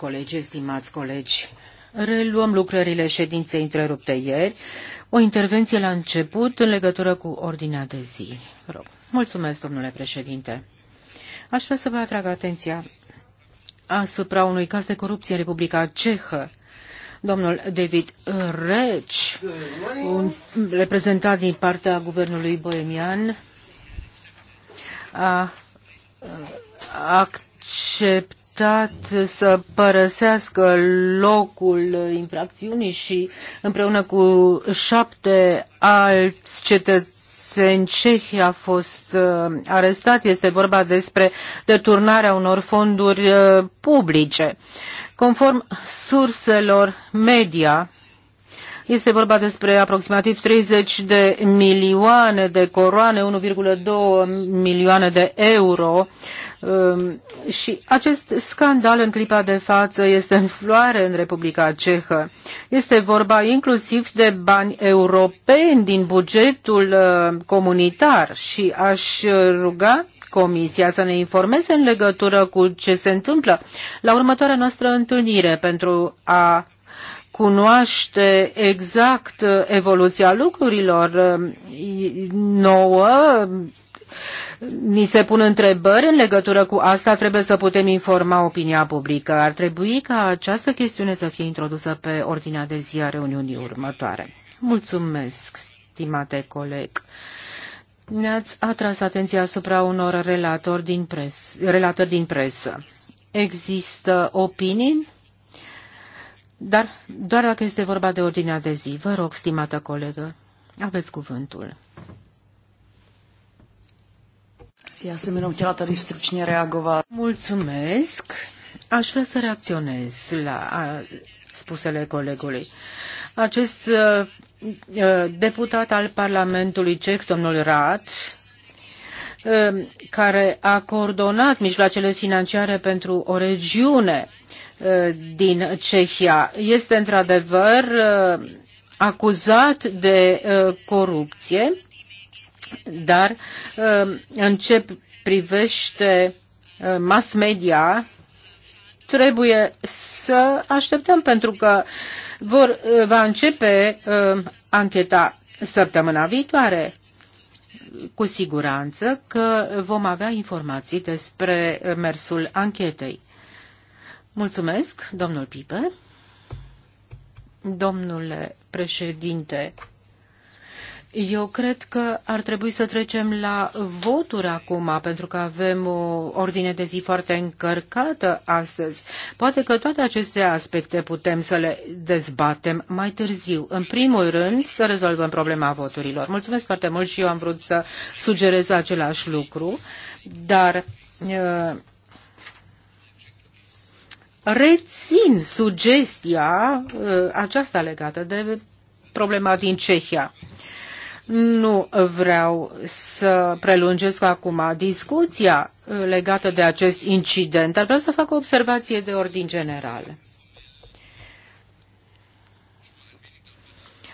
colegi, estimați colegi, reluăm lucrările ședinței întrerupte ieri. O intervenție la început în legătură cu ordinea de zi. Rog. Mulțumesc, domnule președinte. Aș vrea să vă atrag atenția asupra unui caz de corupție în Republica Cehă. Domnul David Reci, un reprezentant din partea guvernului boemian, a acceptat invitat să părăsească locul infracțiunii și împreună cu șapte alți cetățeni în Cehia a fost uh, arestat. Este vorba despre deturnarea unor fonduri uh, publice. Conform surselor media, este vorba despre aproximativ 30 de milioane de coroane, 1,2 milioane de euro Um, și acest scandal în clipa de față este în floare în Republica Cehă. Este vorba inclusiv de bani europeni din bugetul uh, comunitar și aș ruga Comisia să ne informeze în legătură cu ce se întâmplă la următoarea noastră întâlnire pentru a cunoaște exact uh, evoluția lucrurilor uh, nouă ni se pun întrebări în legătură cu asta, trebuie să putem informa opinia publică. Ar trebui ca această chestiune să fie introdusă pe ordinea de zi a reuniunii următoare. Mulțumesc, stimate coleg. Ne-ați atras atenția asupra unor relatori din, pres- relatori din presă. Există opinii? Dar doar dacă este vorba de ordinea de zi, vă rog, stimată colegă, aveți cuvântul. Já jsem jenom chtěla tady stručně reagovat. Mulțumesc. Aș vrea să reacționez la a, spusele colegului. Acest a, deputat al Parlamentului Ceh, domnul Rat, care a coordonat mijloacele financiare pentru o regiune din Cehia, este într-adevăr acuzat de corupție dar uh, în ce privește uh, mass media, trebuie să așteptăm pentru că vor, uh, va începe ancheta săptămâna viitoare cu siguranță că vom avea informații despre mersul anchetei. Mulțumesc, domnul Piper. Domnule președinte, eu cred că ar trebui să trecem la voturi acum, pentru că avem o ordine de zi foarte încărcată astăzi. Poate că toate aceste aspecte putem să le dezbatem mai târziu. În primul rând, să rezolvăm problema voturilor. Mulțumesc foarte mult și eu am vrut să sugerez același lucru, dar uh, rețin sugestia uh, aceasta legată de problema din Cehia. Uh, nu vreau să prelungesc acum discuția legată de acest incident, dar vreau să fac o observație de ordin general.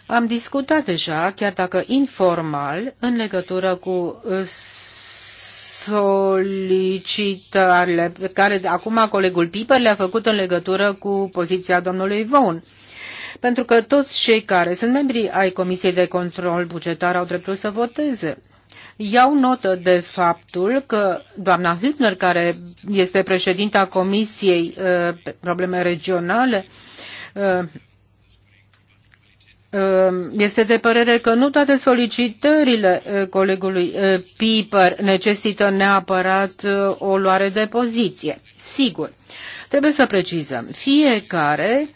Am discutat deja, chiar dacă informal, în legătură cu solicitările pe care acum colegul Piper le-a făcut în legătură cu poziția domnului Vaughan pentru că toți cei care sunt membri ai Comisiei de Control Bugetar au dreptul să voteze. Iau notă de faptul că doamna Hübner, care este președinta Comisiei uh, Probleme Regionale, uh, uh, este de părere că nu toate solicitările uh, colegului uh, Piper necesită neapărat o luare de poziție. Sigur, trebuie să precizăm, fiecare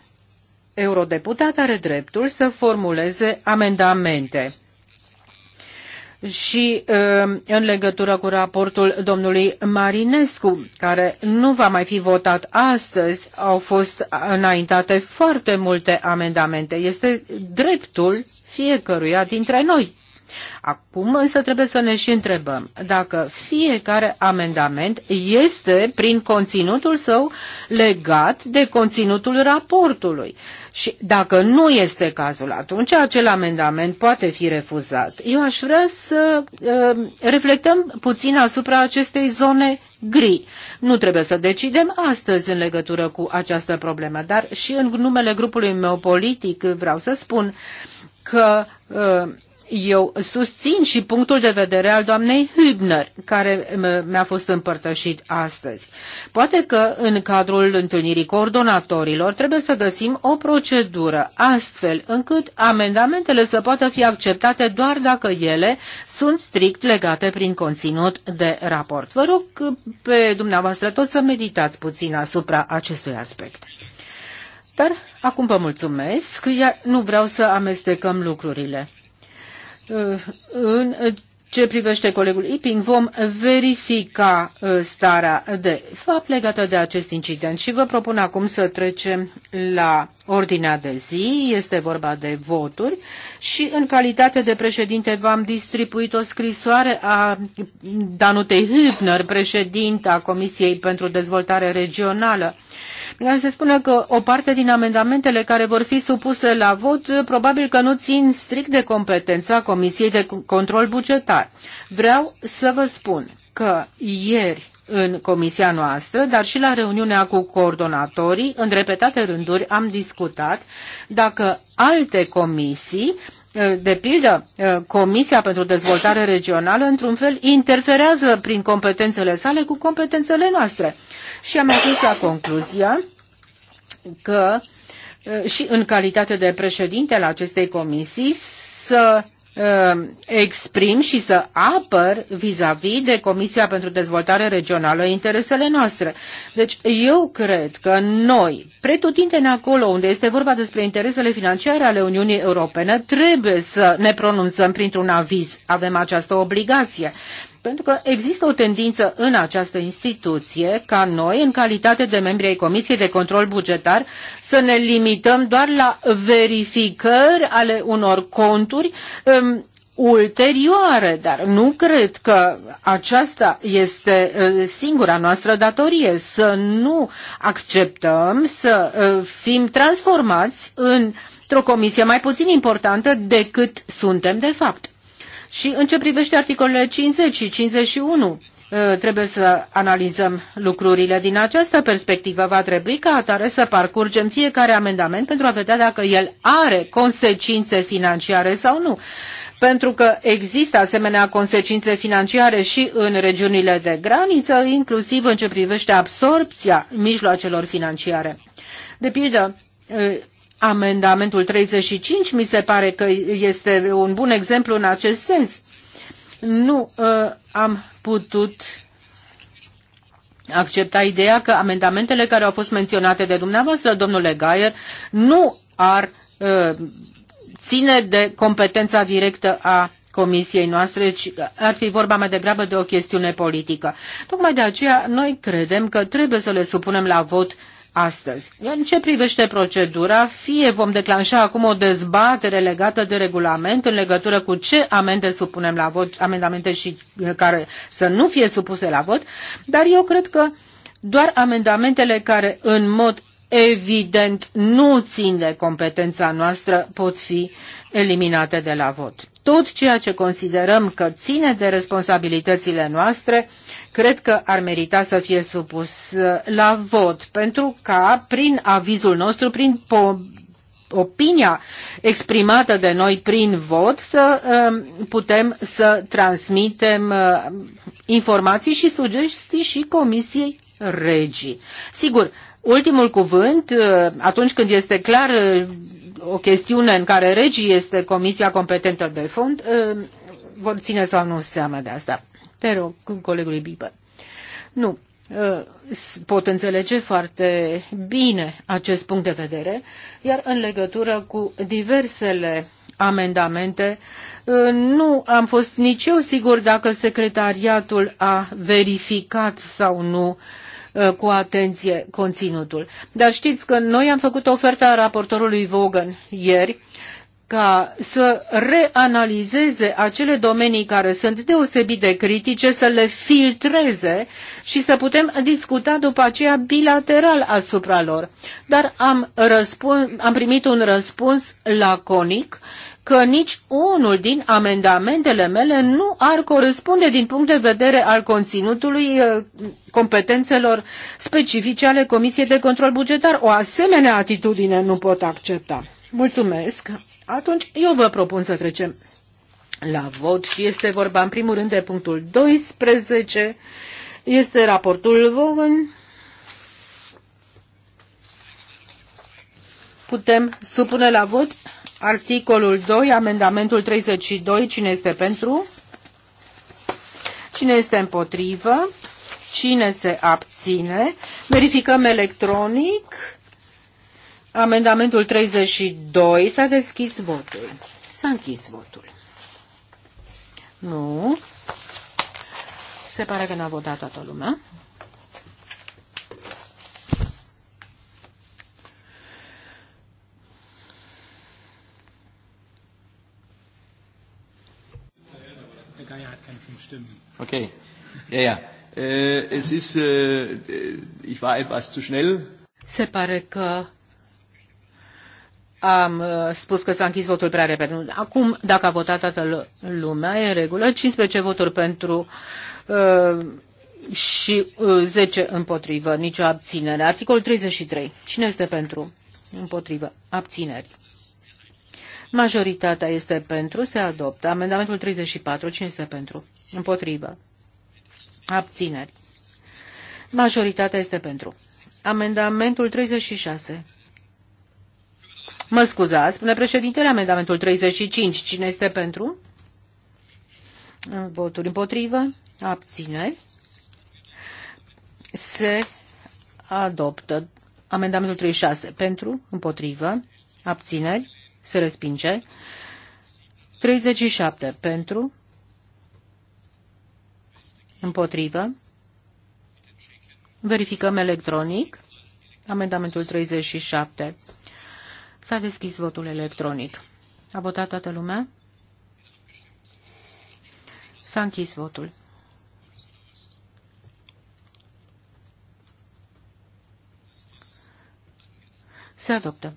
eurodeputat are dreptul să formuleze amendamente. Și um, în legătură cu raportul domnului Marinescu, care nu va mai fi votat astăzi, au fost înaintate foarte multe amendamente. Este dreptul fiecăruia dintre noi Acum însă trebuie să ne și întrebăm dacă fiecare amendament este prin conținutul său legat de conținutul raportului. Și dacă nu este cazul, atunci acel amendament poate fi refuzat. Eu aș vrea să uh, reflectăm puțin asupra acestei zone gri. Nu trebuie să decidem astăzi în legătură cu această problemă, dar și în numele grupului meu politic vreau să spun uh, că uh, eu susțin și punctul de vedere al doamnei Hübner, care uh, mi-a fost împărtășit astăzi. Poate că în cadrul întâlnirii coordonatorilor trebuie să găsim o procedură astfel încât amendamentele să poată fi acceptate doar dacă ele sunt strict legate prin conținut de raport. Vă rog uh, pe dumneavoastră tot să meditați puțin asupra acestui aspect. Dar Acum vă mulțumesc, iar nu vreau să amestecăm lucrurile. Uh, în ce privește colegul Iping, vom verifica uh, starea de fapt legată de acest incident și vă propun acum să trecem la ordinea de zi. Este vorba de voturi și în calitate de președinte v-am distribuit o scrisoare a Danutei Hübner, președinta Comisiei pentru Dezvoltare Regională, Vreau să spună că o parte din amendamentele care vor fi supuse la vot probabil că nu țin strict de competența Comisiei de Control Bugetar. Vreau să vă spun că ieri în comisia noastră, dar și la reuniunea cu coordonatorii, în repetate rânduri am discutat dacă alte comisii, eh, de pildă eh, Comisia pentru Dezvoltare Regională, într-un fel interferează prin competențele sale cu competențele noastre. Și am ajuns la concluzia că eh, și în calitate de președinte al acestei comisii să Uh, exprim și să apăr vis-a-vis -vis de Comisia pentru Dezvoltare Regională interesele noastre. Deci eu cred că noi, pretutindeni acolo unde este vorba despre interesele financiare ale Uniunii Europene, trebuie să ne pronunțăm printr-un aviz. Avem această obligație. Pentru că există o tendință în această instituție ca noi, în calitate de membri ai Comisiei de Control Bugetar, să ne limităm doar la verificări ale unor conturi um, ulterioare, dar nu cred că aceasta este uh, singura noastră datorie, să nu acceptăm să uh, fim transformați într-o comisie mai puțin importantă decât suntem de fapt. Și în ce privește articolele 50 și 51, ă, trebuie să analizăm lucrurile din această perspectivă. Va trebui ca atare să parcurgem fiecare amendament pentru a vedea dacă el are consecințe financiare sau nu. Pentru că există asemenea consecințe financiare și în regiunile de graniță, inclusiv în ce privește absorpția mijloacelor financiare. De pildă, ă, Amendamentul 35 mi se pare că este un bun exemplu în acest sens. Nu uh, am putut accepta ideea că amendamentele care au fost menționate de dumneavoastră, domnule Gaier, nu ar uh, ține de competența directă a comisiei noastre, ci ar fi vorba mai degrabă de o chestiune politică. Tocmai de aceea noi credem că trebuie să le supunem la vot astăzi. În ce privește procedura, fie vom declanșa acum o dezbatere legată de regulament în legătură cu ce amende supunem la vot, amendamente și uh, care să nu fie supuse la vot, dar eu cred că doar amendamentele care în mod evident nu țin de competența noastră pot fi eliminate de la vot tot ceea ce considerăm că ține de responsabilitățile noastre, cred că ar merita să fie supus uh, la vot, pentru ca prin avizul nostru, prin opinia exprimată de noi prin vot să um, putem să transmitem uh, informații și sugestii și Comisiei Regii. Sigur, ultimul cuvânt, uh, atunci când este clar o chestiune în care regii este comisia competentă de fond, ă, vor ține sau nu seama de asta. Te rog, colegului Bibă. Nu, ă, pot înțelege foarte bine acest punct de vedere, iar în legătură cu diversele amendamente, ă, nu am fost nici eu sigur dacă secretariatul a verificat sau nu Uh, cu atenție conținutul. Dar știți că noi am făcut oferta raportorului Vogan ieri ca să reanalizeze acele domenii care sunt deosebit de critice, să le filtreze și să putem discuta după aceea bilateral asupra lor. Dar am, răspuns, am primit un răspuns laconic că nici unul din amendamentele mele nu ar corespunde din punct de vedere al conținutului uh, competențelor specifice ale Comisiei de Control Bugetar. O asemenea atitudine nu pot accepta. Mulțumesc. Atunci eu vă propun să trecem la vot și este vorba în primul rând de punctul 12. Este raportul Vogan. Putem supune la vot Articolul 2, amendamentul 32, cine este pentru? Cine este împotrivă? Cine se abține? Verificăm electronic. Amendamentul 32. S-a deschis votul. S-a închis votul. Nu. Se pare că n-a votat toată lumea. Geier hat keine fünf Stimmen. Okay, ja, ja. Äh, es ist, äh, äh ich war etwas zu schnell. Se pare că am äh, spus că s-a închis votul prea repede. Acum, dacă a votat toată lumea, e în regulă, 15 voturi pentru uh, și uh, 10 împotrivă, nicio abținere. Articolul 33. Cine este pentru? Împotrivă. Abțineri. Majoritatea este pentru, se adoptă. Amendamentul 34, cine este pentru? Împotrivă. Abțineri. Majoritatea este pentru. Amendamentul 36. Mă scuzați, spune președintele, amendamentul 35. Cine este pentru? Voturi împotrivă. Abțineri. Se adoptă amendamentul 36. Pentru, împotrivă, abțineri se respinge. 37 pentru, împotrivă. Verificăm electronic. Amendamentul 37. S-a deschis votul electronic. A votat toată lumea? S-a închis votul. Se adoptă.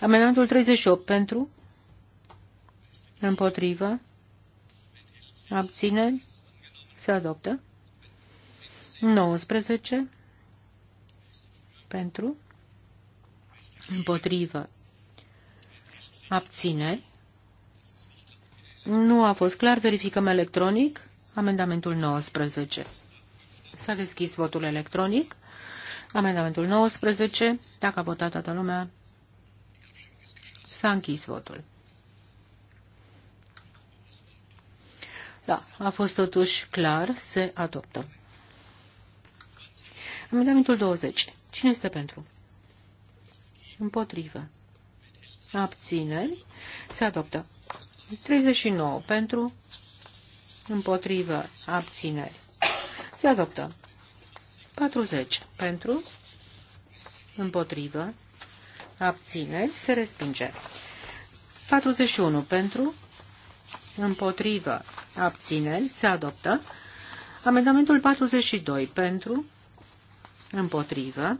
Amendamentul 38 pentru, împotrivă, abțineri, se adoptă. 19 pentru, împotrivă, abțineri. Nu a fost clar, verificăm electronic. Amendamentul 19. S-a deschis votul electronic. Amendamentul 19. Dacă a votat toată lumea, S-a închis votul. Da, a fost totuși clar, se adoptă. Amendamentul 20. Cine este pentru? Împotrivă. Abțineri. Se adoptă. 39. Pentru. Împotrivă. Abțineri. Se adoptă. 40. Pentru. Împotrivă abțineri, se respinge. 41 pentru, împotrivă, abțineri, se adoptă. Amendamentul 42 pentru, împotrivă,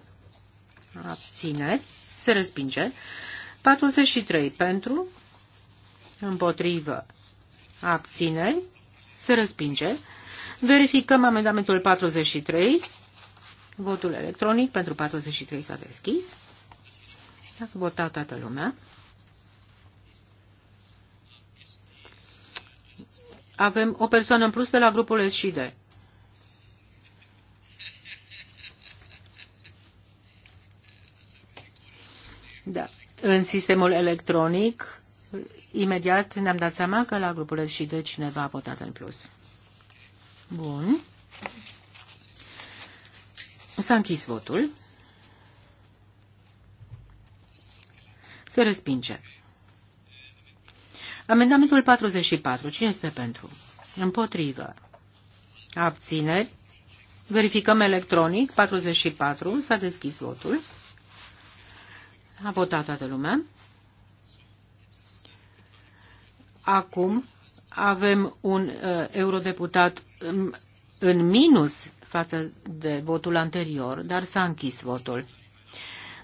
abțineri, se respinge. 43 pentru, împotrivă, abțineri, se respinge. Verificăm amendamentul 43. Votul electronic pentru 43 s-a deschis. A votat toată lumea. Avem o persoană în plus de la grupul SID. Da. În sistemul electronic, imediat ne-am dat seama că la grupul SID cineva a votat în plus. Bun. S-a închis votul. Se respinge. Amendamentul 44. Cine este pentru? Împotrivă. Abțineri. Verificăm electronic. 44. S-a deschis votul. A votat toată lumea. Acum avem un uh, eurodeputat în, um, în minus față de votul anterior, dar s-a închis votul.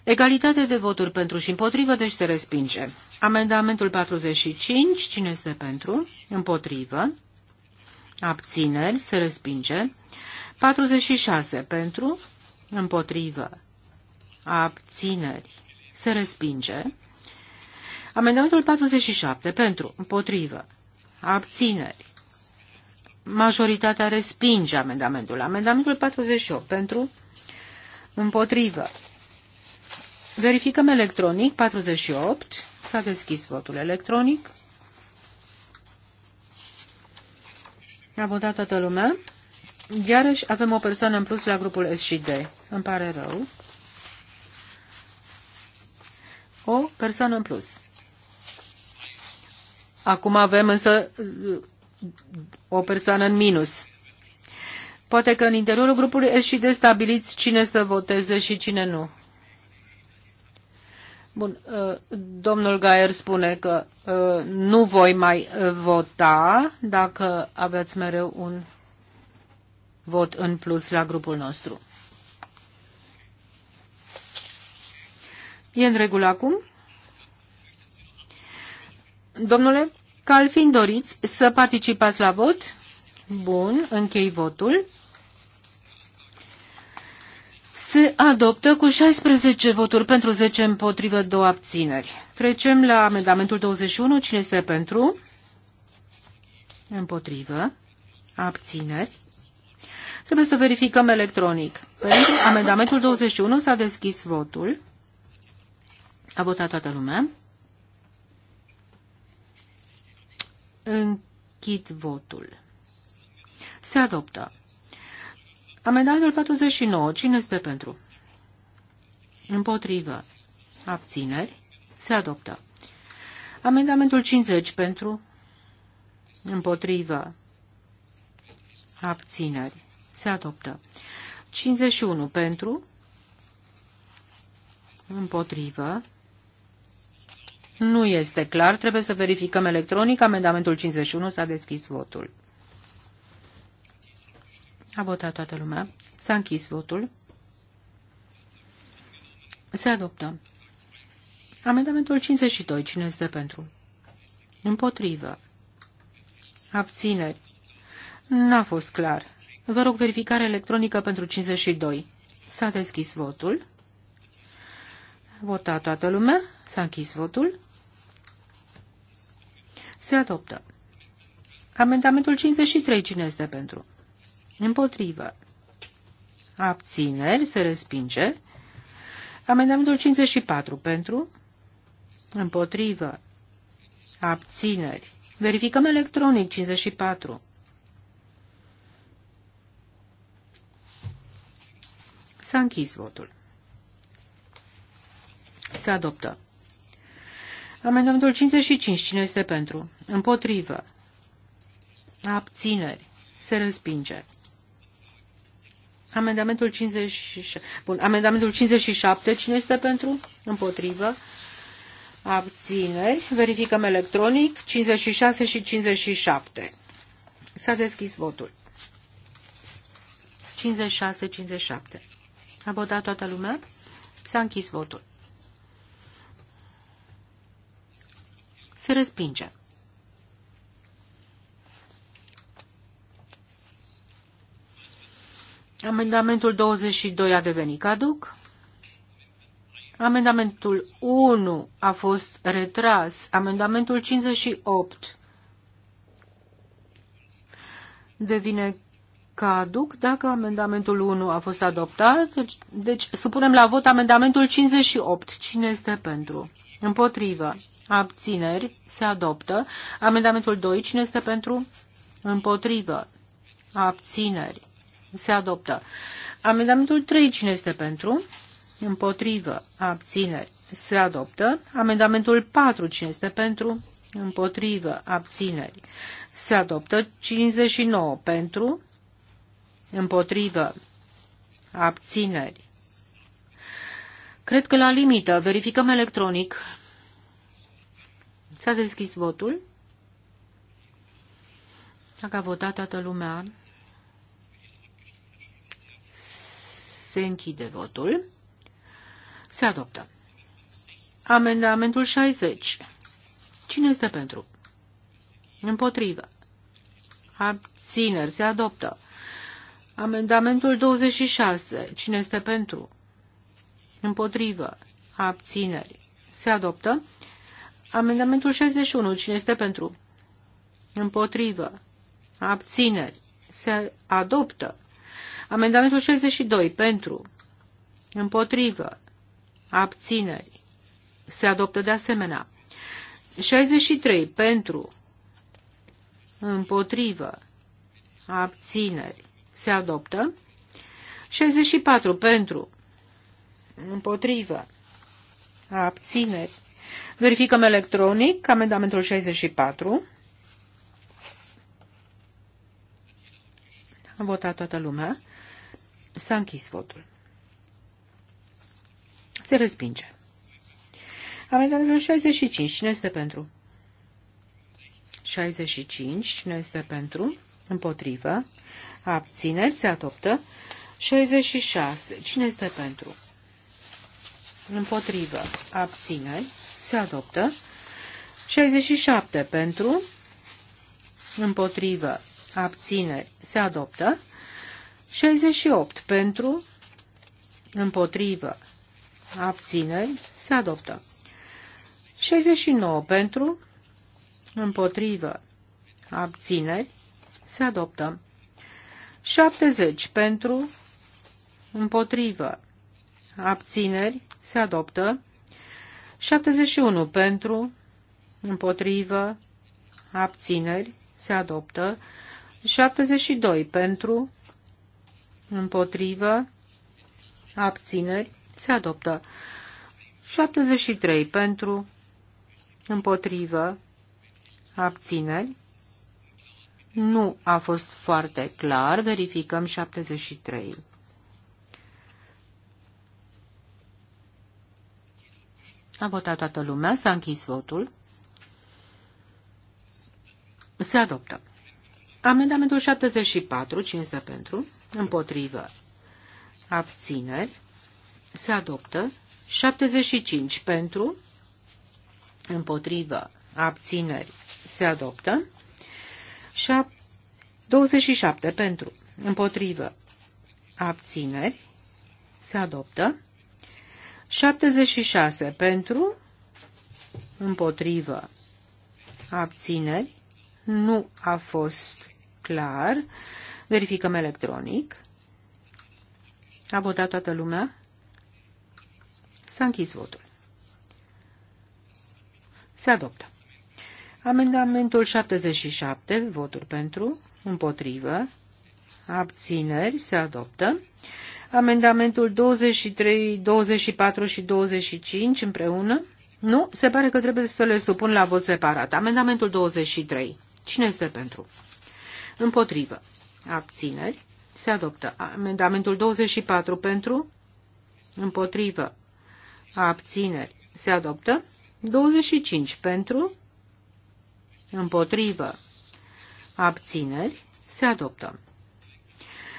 Egalitate de voturi pentru și împotrivă, deci se respinge. Amendamentul 45, cine este pentru? Împotrivă. Abțineri, se respinge. 46, pentru? Împotrivă. Abțineri, se respinge. Amendamentul 47, pentru? Împotrivă. Abțineri. Majoritatea respinge amendamentul. Amendamentul 48, pentru? Împotrivă. Verificăm electronic 48. S-a deschis votul electronic. A votat toată lumea. Iarăși avem o persoană în plus la grupul S și D. Îmi pare rău. O persoană în plus. Acum avem însă uh, o persoană în minus. Poate că în interiorul grupului S și D stabiliți cine să voteze și cine nu. Bun, uh, domnul Gaier spune că uh, nu voi mai uh, vota dacă aveți mereu un vot în plus la grupul nostru. E în regulă acum? Domnule Calfin, doriți să participați la vot? Bun, închei votul se adoptă cu 16 voturi pentru 10 împotrivă, 2 abțineri. Trecem la amendamentul 21. Cine este pentru? Împotrivă. Abțineri. Trebuie să verificăm electronic. Pentru amendamentul 21 s-a deschis votul. A votat toată lumea. Închid votul. Se adoptă. Amendamentul 49. Cine este pentru? Împotrivă. Abțineri. Se adoptă. Amendamentul 50 pentru. Împotrivă. Abțineri. Se adoptă. 51 pentru. Împotrivă. Nu este clar. Trebuie să verificăm electronic. Amendamentul 51 s-a deschis votul. A votat toată lumea. S-a închis votul. Se adoptă. Amendamentul 52. Cine este pentru? Împotrivă. Abțineri. N-a fost clar. Vă rog verificare electronică pentru 52. S-a deschis votul. Vota toată lumea. S-a închis votul. Se adoptă. Amendamentul 53. Cine este pentru? Împotrivă. Abțineri se respinge. Amendamentul 54 pentru. Împotrivă. Abțineri. Verificăm electronic 54. S-a închis votul. Se adoptă. Amendamentul 55. Cine este pentru? Împotrivă. Abțineri. Se respinge. Amendamentul 56. Bun, amendamentul 57. Cine este pentru? Împotrivă. Abțineri. Verificăm electronic. 56 și 57. S-a deschis votul. 56-57. A votat toată lumea? S-a închis votul. Se respinge. Amendamentul 22 a devenit caduc. Amendamentul 1 a fost retras. Amendamentul 58 devine caduc dacă amendamentul 1 a fost adoptat. Deci, deci să supunem la vot amendamentul 58. Cine este pentru? Împotrivă. Abțineri. Se adoptă. Amendamentul 2. Cine este pentru? Împotrivă. Abțineri se adoptă. Amendamentul 3, cine este pentru? Împotrivă, abțineri, se adoptă. Amendamentul 4, cine este pentru? Împotrivă, abțineri, se adoptă. 59 pentru, împotrivă, abțineri. Cred că la limită verificăm electronic. S-a deschis votul. Dacă a votat toată lumea, Se închide votul. Se adoptă. Amendamentul 60. Cine este pentru? Împotrivă. Abțineri. Se adoptă. Amendamentul 26. Cine este pentru? Împotrivă. Abțineri. Se adoptă. Amendamentul 61. Cine este pentru? Împotrivă. Abțineri. Se adoptă. Amendamentul 62 pentru, împotrivă, abțineri, se adoptă de asemenea. 63 pentru, împotrivă, abțineri, se adoptă. 64 pentru, împotrivă, abțineri. Verificăm electronic amendamentul 64. Am votat toată lumea. S-a închis votul. Se respinge. Amendamentul 65. Cine este pentru? 65. Cine este pentru? Împotrivă. Abțineri. Se adoptă. 66. Cine este pentru? Împotrivă. Abțineri. Se adoptă. 67. Pentru. Împotrivă. Abțineri. Se adoptă. 68 pentru, împotrivă, abțineri, se adoptă. 69 pentru, împotrivă, abțineri, se adoptă. 70 pentru, împotrivă, abțineri, se adoptă. 71 pentru, împotrivă, abțineri, se adoptă. 72 pentru, împotrivă, abțineri, se adoptă. 73 pentru, împotrivă, abțineri. Nu a fost foarte clar, verificăm 73. A votat toată lumea, s-a închis votul. Se adoptă. Amendamentul 74, 5 pentru? Împotrivă. Abțineri. Se adoptă. 75 pentru. Împotrivă. Abțineri. Se adoptă. 27 pentru. Împotrivă. Abțineri. Se adoptă. 76 pentru. Împotrivă. Abțineri. Nu a fost clar. Verificăm electronic. A votat toată lumea. S-a închis votul. Se adoptă. Amendamentul 77, voturi pentru, împotrivă, abțineri, se adoptă. Amendamentul 23, 24 și 25 împreună? Nu, se pare că trebuie să le supun la vot separat. Amendamentul 23. Cine este pentru? Împotrivă. Abțineri. Se adoptă. Amendamentul 24 pentru. Împotrivă. Abțineri. Se adoptă. 25 pentru. Împotrivă. Abțineri. Se adoptă.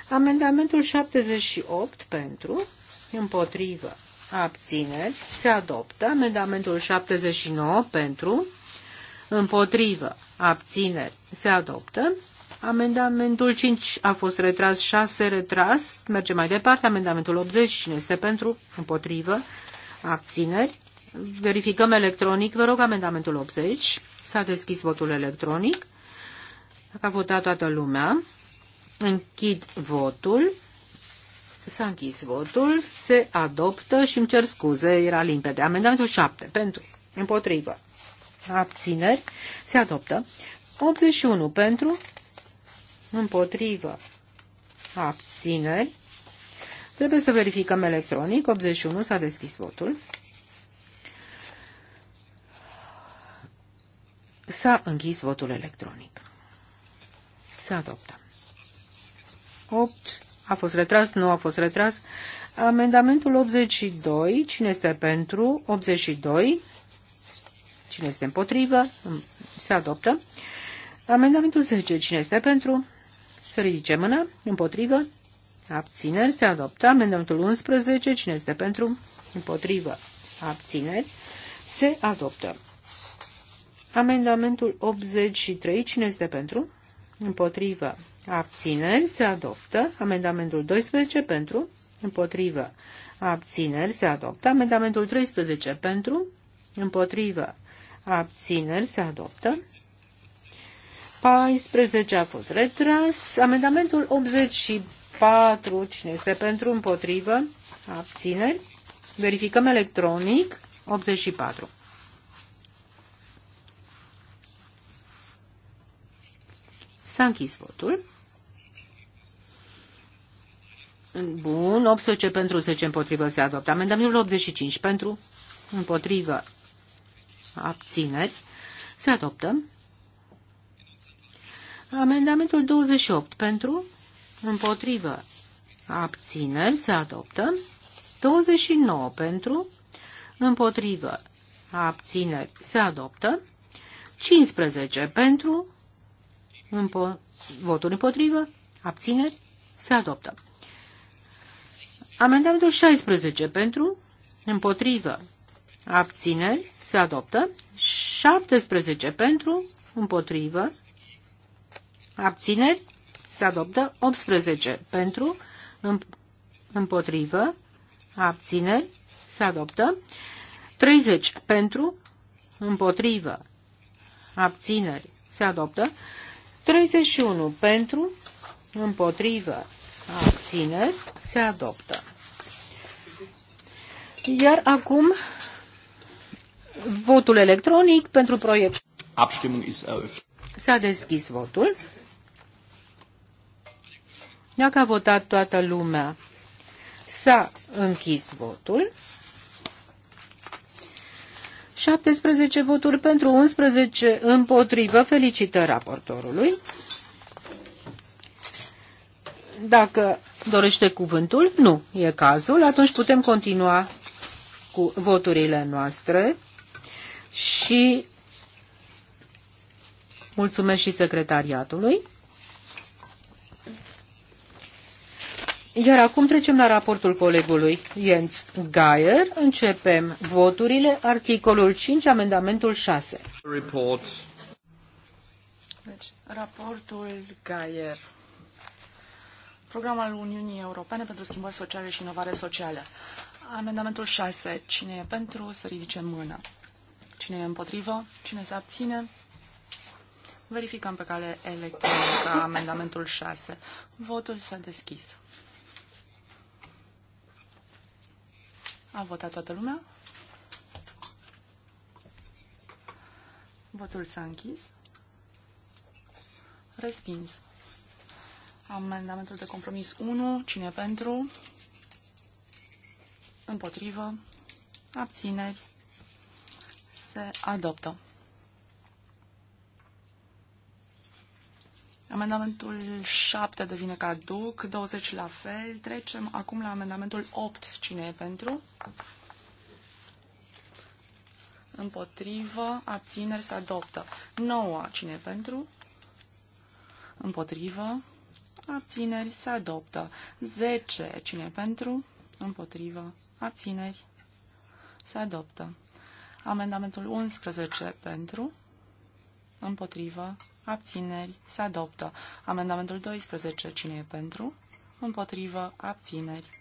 Amendamentul 78 pentru. Împotrivă. Abțineri. Se adoptă. Amendamentul 79 pentru. Împotrivă. Abțineri. Se adoptă. Amendamentul 5 a fost retras, 6 retras. Mergem mai departe. Amendamentul 80. Cine este pentru? Împotrivă. Abțineri. Verificăm electronic. Vă rog, amendamentul 80. S-a deschis votul electronic. a votat toată lumea, închid votul. S-a închis votul, se adoptă și îmi cer scuze, era limpede. Amendamentul 7, pentru, împotrivă, abțineri, se adoptă. 81 pentru, împotrivă, abțineri. Trebuie să verificăm electronic. 81 s-a deschis votul. S-a închis votul electronic. Se adoptă. 8 a fost retras, nu a fost retras. Amendamentul 82, cine este pentru? 82, cine este împotrivă? Se adoptă. Amendamentul 10, cine este pentru? să ridice mâna. Împotrivă. Abțineri. Se adoptă. Amendamentul 11. Cine este pentru? Împotrivă. Abțineri. Se adoptă. Amendamentul 83. Cine este pentru? Împotrivă. Abțineri. Se adoptă. Amendamentul 12. Pentru? Împotrivă. Abțineri. Se adoptă. Amendamentul 13. Pentru? Împotrivă. Abțineri. Se adoptă. 14 a fost retras. Amendamentul 84, cine este pentru, împotrivă, abțineri. Verificăm electronic. 84. S-a închis votul. Bun, 18 pentru 10 împotrivă se adoptă. Amendamentul 85 pentru împotrivă abțineri se adoptă. Amendamentul 28 pentru, împotrivă, abțineri se adoptă. 29 pentru, împotrivă, abțineri se adoptă. 15 pentru, împo voturi împotrivă, abțineri se adoptă. Amendamentul 16 pentru, împotrivă, abțineri se adoptă. 17 pentru, împotrivă, Abțineri? Se adoptă 18 pentru, împotrivă, abțineri, se adoptă 30 pentru, împotrivă, abțineri, se adoptă 31 pentru, împotrivă, abțineri, se adoptă. Iar acum votul electronic pentru proiect. Abstimmung ist eröffnet. S-a deschis votul. Dacă a votat toată lumea, s-a închis votul. 17 voturi pentru 11 împotrivă. Felicitări raportorului. Dacă dorește cuvântul, nu e cazul, atunci putem continua cu voturile noastre și mulțumesc și secretariatului. Iar acum trecem la raportul colegului Jens Geier. Începem voturile, articolul 5, amendamentul 6. Report. Deci, raportul Geier. Programul Uniunii Europene pentru schimbări sociale și inovare socială. Amendamentul 6. Cine e pentru, să ridice mână? Cine e împotrivă, cine se abține, verificăm pe cale electronică amendamentul 6. Votul s-a deschis. A votat toată lumea? Votul s-a închis. Respins. Amendamentul de compromis 1. Cine pentru? Împotrivă? Abțineri? Se adoptă. Amendamentul 7 devine caduc, 20 la fel. Trecem acum la amendamentul 8. Cine e pentru? Împotrivă, abțineri, se adoptă. 9. Cine e pentru? Împotrivă, abțineri, se adoptă. 10. Cine e pentru? Împotrivă, abțineri, se adoptă. Amendamentul 11 pentru, împotrivă, abțineri, se adoptă. Amendamentul 12, cine e pentru? Împotrivă, abțineri.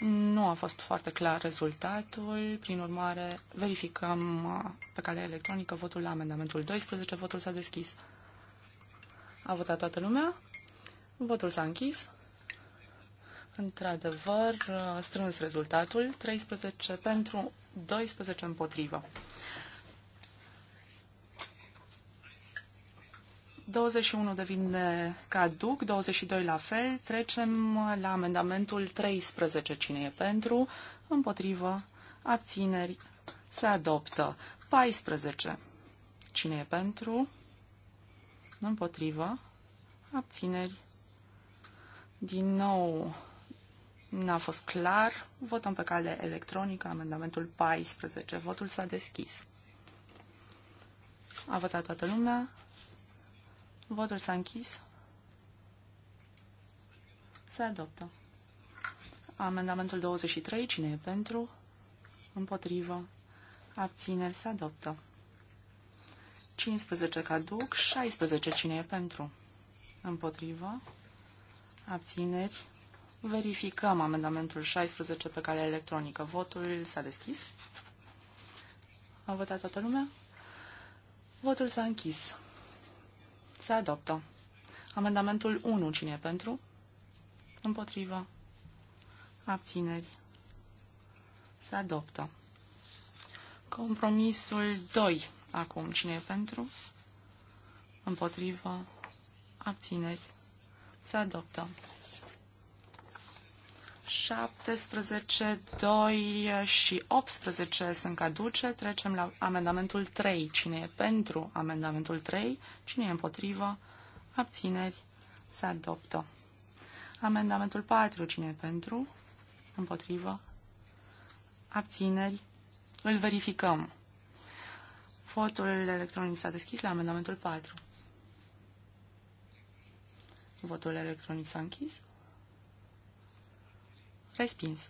Nu a fost foarte clar rezultatul, prin urmare verificăm uh, pe calea electronică votul la amendamentul 12, votul s-a deschis. A votat toată lumea, votul s-a închis. Într-adevăr, uh, strâns rezultatul, 13 pentru, 12 împotrivă. 21 devine caduc, 22 la fel. Trecem la amendamentul 13. Cine e pentru? Împotrivă. Abțineri. Se adoptă. 14. Cine e pentru? Împotrivă. Abțineri. Din nou, n-a fost clar. Votăm pe cale electronică amendamentul 14. Votul s-a deschis. A votat toată lumea. Votul s-a închis. Se adoptă. Amendamentul 23. Cine e pentru? Împotrivă. Abțineri. Se adoptă. 15 caduc. 16. Cine e pentru? Împotrivă. Abțineri. Verificăm amendamentul 16 pe cale electronică. Votul s-a deschis. A votat toată lumea? Votul s-a închis. Se adoptă. Amendamentul 1. Cine e pentru? Împotrivă. Abțineri. Se adoptă. Compromisul 2. Acum, cine e pentru? Împotrivă. Abțineri. Se adoptă. 17, 2 și 18 sunt caduce. Trecem la amendamentul 3. Cine e pentru amendamentul 3? Cine e împotrivă? Abțineri. Se adoptă. Amendamentul 4. Cine e pentru? Împotrivă? Abțineri. Îl verificăm. Votul electronic s-a deschis la amendamentul 4. Votul electronic s-a închis. Respins.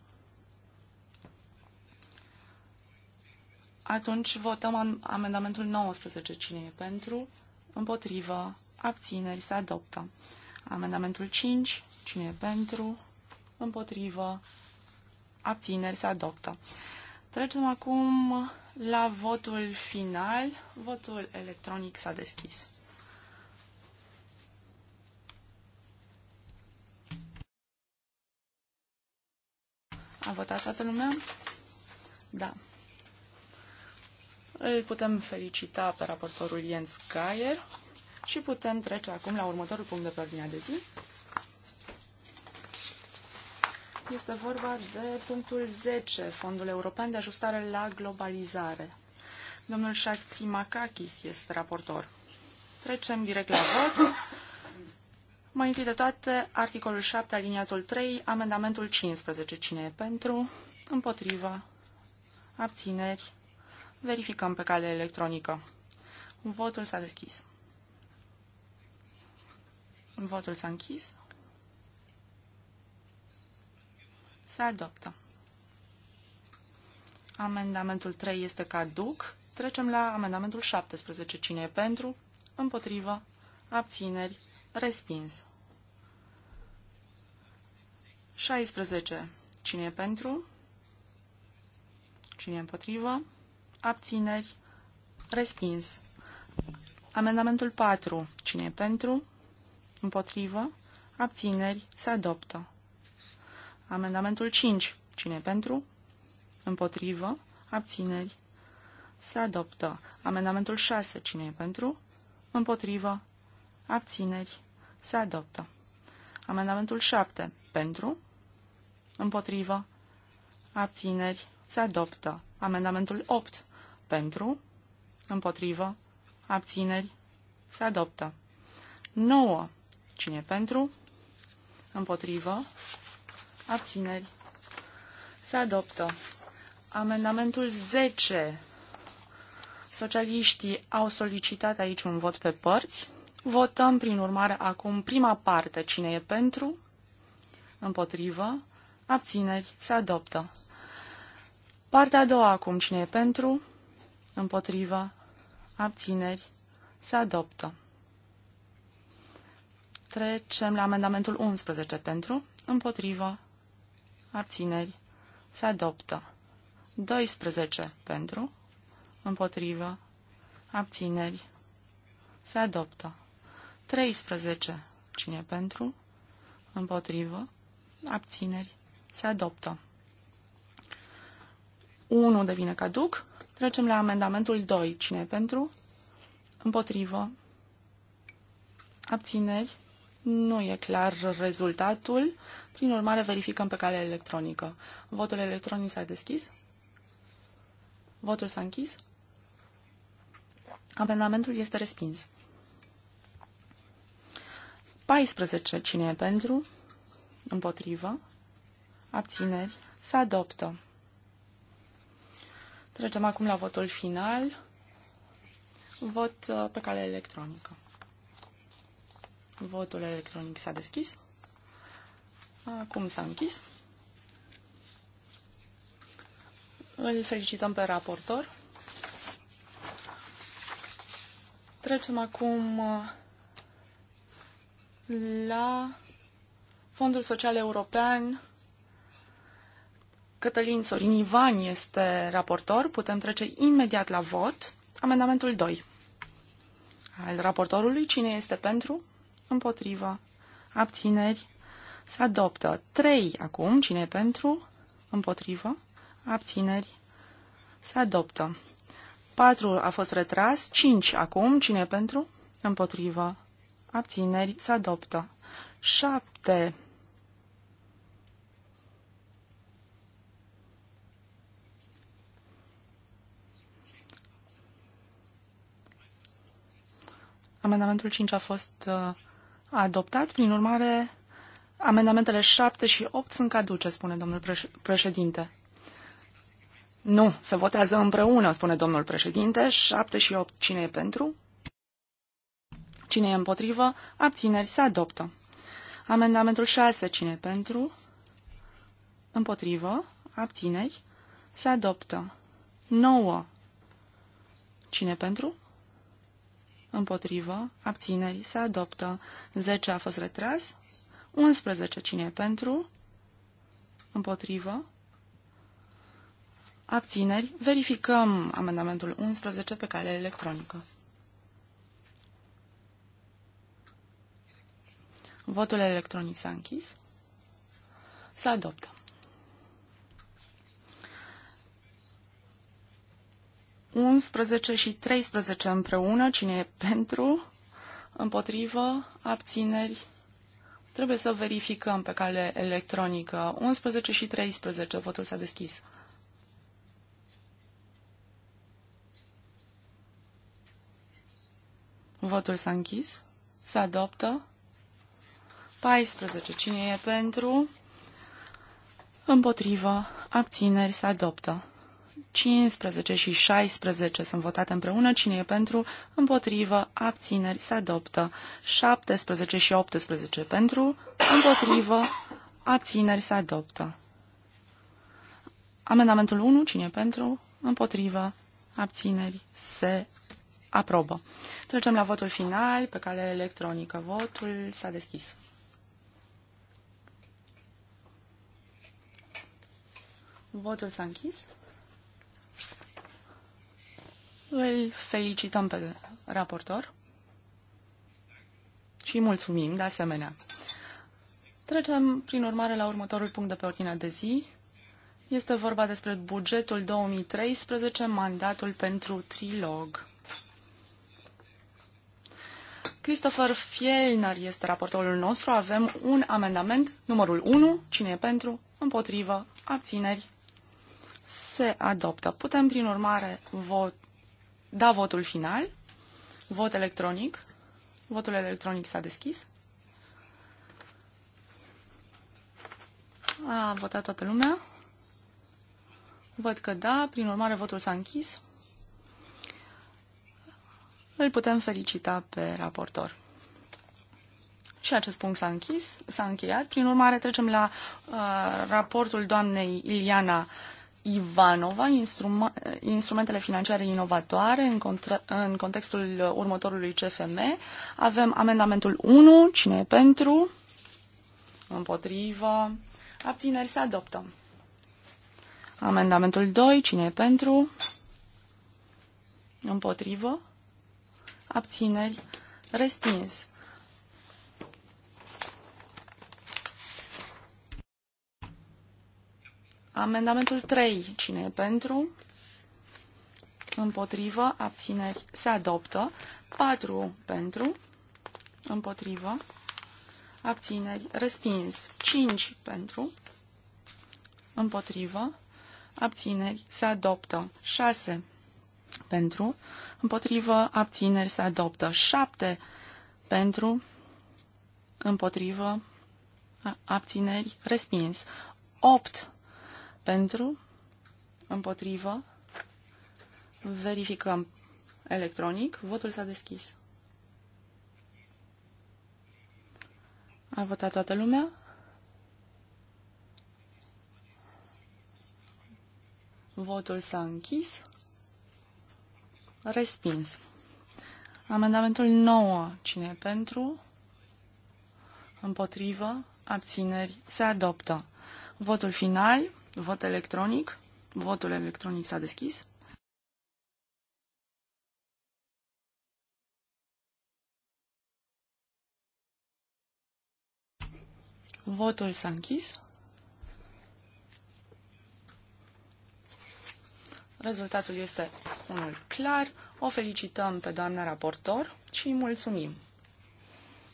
Atunci votăm amendamentul 19. Cine e pentru? Împotrivă. Abțineri. Se adoptă. Amendamentul 5. Cine e pentru? Împotrivă. Abțineri. Se adoptă. Trecem acum la votul final. Votul electronic s-a deschis. A votat toată lumea? Da. Îl putem felicita pe raportorul Jens Geier și putem trece acum la următorul punct de pe ordinea de zi. Este vorba de punctul 10, Fondul European de Ajustare la Globalizare. Domnul Shakti Makakis este raportor. Trecem direct la vot. Mai întâi de toate, articolul 7, aliniatul 3, amendamentul 15. Cine e pentru? Împotriva? Abțineri? Verificăm pe cale electronică. Votul s-a deschis. Votul s-a închis. Se adoptă. Amendamentul 3 este caduc. Trecem la amendamentul 17. Cine e pentru? Împotrivă? Abțineri? Respins. 16. Cine e pentru? Cine e împotrivă? Abțineri. Respins. Amendamentul 4. Cine e pentru? Împotrivă? Abțineri. Se adoptă. Amendamentul 5. Cine e pentru? Împotrivă? Abțineri. Se adoptă. Amendamentul 6. Cine e pentru? Împotrivă? Abțineri. Se adoptă. Amendamentul 7. Pentru? Împotrivă. Abțineri. Se adoptă. Amendamentul 8. Pentru. Împotrivă. Abțineri. Se adoptă. 9. Cine pentru? Împotrivă. Abțineri. Se adoptă. Amendamentul 10. Socialiștii au solicitat aici un vot pe părți. Votăm, prin urmare, acum prima parte. Cine e pentru? Împotrivă abțineri, se adoptă. Partea a doua acum, cine e pentru, împotrivă, abțineri, se adoptă. Trecem la amendamentul 11 pentru, împotrivă, abțineri, se adoptă. 12 pentru, împotrivă, abțineri, se adoptă. 13. Cine pentru? Împotrivă. Abțineri. Se adoptă. 1 devine caduc. Trecem la amendamentul 2. Cine pentru? Împotrivă. Abțineri. Nu e clar rezultatul. Prin urmare, verificăm pe cale electronică. Votul electronic s-a deschis. Votul s-a închis. Amendamentul este respins. 14. Cine e pentru? Împotrivă abțineri, se adoptă. Trecem acum la votul final, vot uh, pe cale electronică. Votul electronic s-a deschis. Acum s-a închis. Îl felicităm pe raportor. Trecem acum uh, la Fondul Social European Cătălin Sorin Ivan este raportor. Putem trece imediat la vot. Amendamentul 2 al raportorului. Cine este pentru? Împotrivă. Abțineri. Se adoptă. 3 acum. Cine e pentru? Împotrivă. Abțineri. Se adoptă. 4 a fost retras. 5 acum. Cine e pentru? Împotrivă. Abțineri. Se adoptă. 7 Amendamentul 5 a fost uh, adoptat, prin urmare, amendamentele 7 și 8 sunt caduce, spune domnul preș- președinte. Nu, se votează împreună, spune domnul președinte. 7 și 8. Cine e pentru? Cine e împotrivă? Abțineri se adoptă. Amendamentul 6. Cine e pentru? Împotrivă? Abțineri se adoptă. 9. Cine e pentru? împotrivă, abțineri, se adoptă. 10 a fost retras. 11 cine e pentru, împotrivă, abțineri. Verificăm amendamentul 11 pe cale electronică. Votul electronic s-a închis. Se adoptă. 11 și 13 împreună. Cine e pentru? Împotrivă? Abțineri? Trebuie să verificăm pe cale electronică. 11 și 13. Votul s-a deschis. Votul s-a închis. Se adoptă. 14. Cine e pentru? Împotrivă. Abțineri se adoptă. 15 și 16 sunt votate împreună. Cine e pentru? Împotrivă. Abțineri. Se adoptă. 17 și 18 pentru. Împotrivă. Abțineri. Se adoptă. Amendamentul 1. Cine e pentru? Împotrivă. Abțineri. Se aprobă. Trecem la votul final pe cale electronică. Votul s-a deschis. Votul s-a închis. Îl felicităm pe raportor și mulțumim de asemenea. Trecem, prin urmare, la următorul punct de pe ordinea de zi. Este vorba despre bugetul 2013, mandatul pentru trilog. Christopher Fielner este raportorul nostru. Avem un amendament, numărul 1. Cine e pentru? Împotrivă? Abțineri? Se adoptă. Putem, prin urmare, vot da votul final, vot electronic. Votul electronic s-a deschis. A votat toată lumea. Văd că da, prin urmare votul s-a închis. Îl putem felicita pe raportor. Și acest punct s-a închis, s-a încheiat. Prin urmare, trecem la uh, raportul doamnei Iliana Ivanova, instrumentele financiare inovatoare în, contra, în contextul următorului CFM. Avem amendamentul 1, cine e pentru, împotrivă, abțineri se adoptă. Amendamentul 2, cine e pentru, împotrivă, abțineri, respins. Amendamentul 3. Cine e pentru? Împotrivă. Abțineri. Se adoptă. 4. Pentru. Împotrivă. Abțineri. Respins. 5. Pentru. Împotrivă. Abțineri. Se adoptă. 6. Pentru. Împotrivă. Abțineri. Se adoptă. 7. Pentru. Împotrivă. Abțineri. Respins. 8 pentru, împotrivă, verificăm electronic. Votul s-a deschis. A votat toată lumea? Votul s-a închis. Respins. Amendamentul 9. Cine e pentru? Împotrivă? Abțineri? Se adoptă. Votul final. Vot electronic. Votul electronic s-a deschis. Votul s-a închis. Rezultatul este unul clar. O felicităm pe doamna raportor și îi mulțumim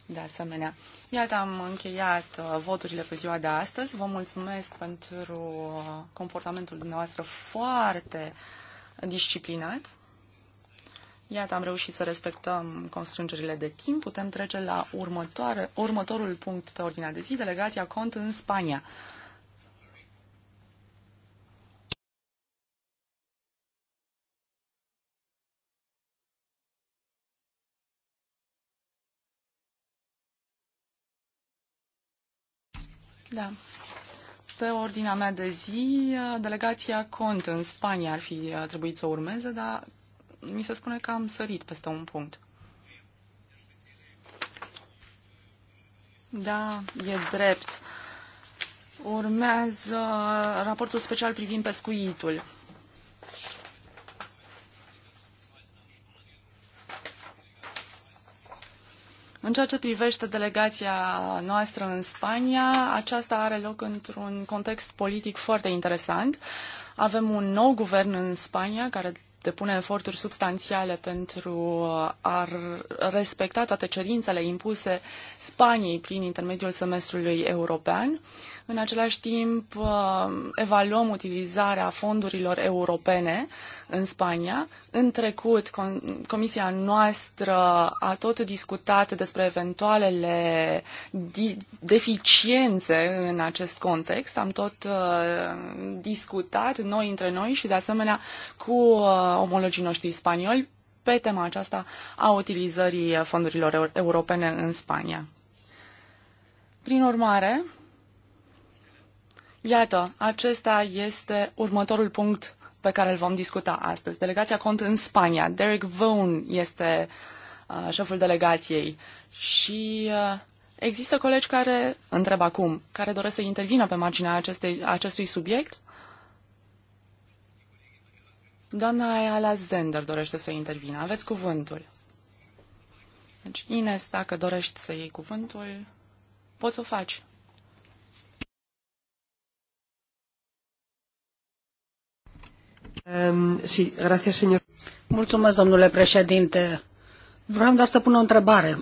de asemenea. Iată, am încheiat uh, voturile pe ziua de astăzi. Vă mulțumesc pentru uh, comportamentul dumneavoastră foarte disciplinat. Iată, am reușit să respectăm constrângerile de timp. Putem trece la următoare, următorul punct pe ordinea de zi, delegația cont în Spania. Da. Pe ordinea mea de zi, delegația Cont în Spania ar fi uh, trebuit să urmeze, dar mi se spune că am sărit peste un punct. Da, e drept. Urmează raportul special privind pescuitul. În ceea ce privește delegația noastră în Spania, aceasta are loc într-un context politic foarte interesant. Avem un nou guvern în Spania care depune eforturi substanțiale pentru a respecta toate cerințele impuse Spaniei prin intermediul semestrului european. În același timp, uh, evaluăm utilizarea fondurilor europene în Spania. În trecut, comisia noastră a tot discutat despre eventualele deficiențe în acest context. Am tot uh, discutat noi între noi și, de asemenea, cu uh, omologii noștri spanioli pe tema aceasta a utilizării fondurilor europene în Spania. Prin urmare, Iată, acesta este următorul punct pe care îl vom discuta astăzi. Delegația cont în Spania. Derek Vaughan este uh, șeful delegației și uh, există colegi care, întreb acum, care doresc să intervină pe marginea acestei, acestui subiect? Doamna Ayala Zender dorește să intervină. Aveți cuvântul. Deci, Ines, dacă dorești să iei cuvântul, poți să o faci. domnule președinte. Vreau doar să pun o întrebare.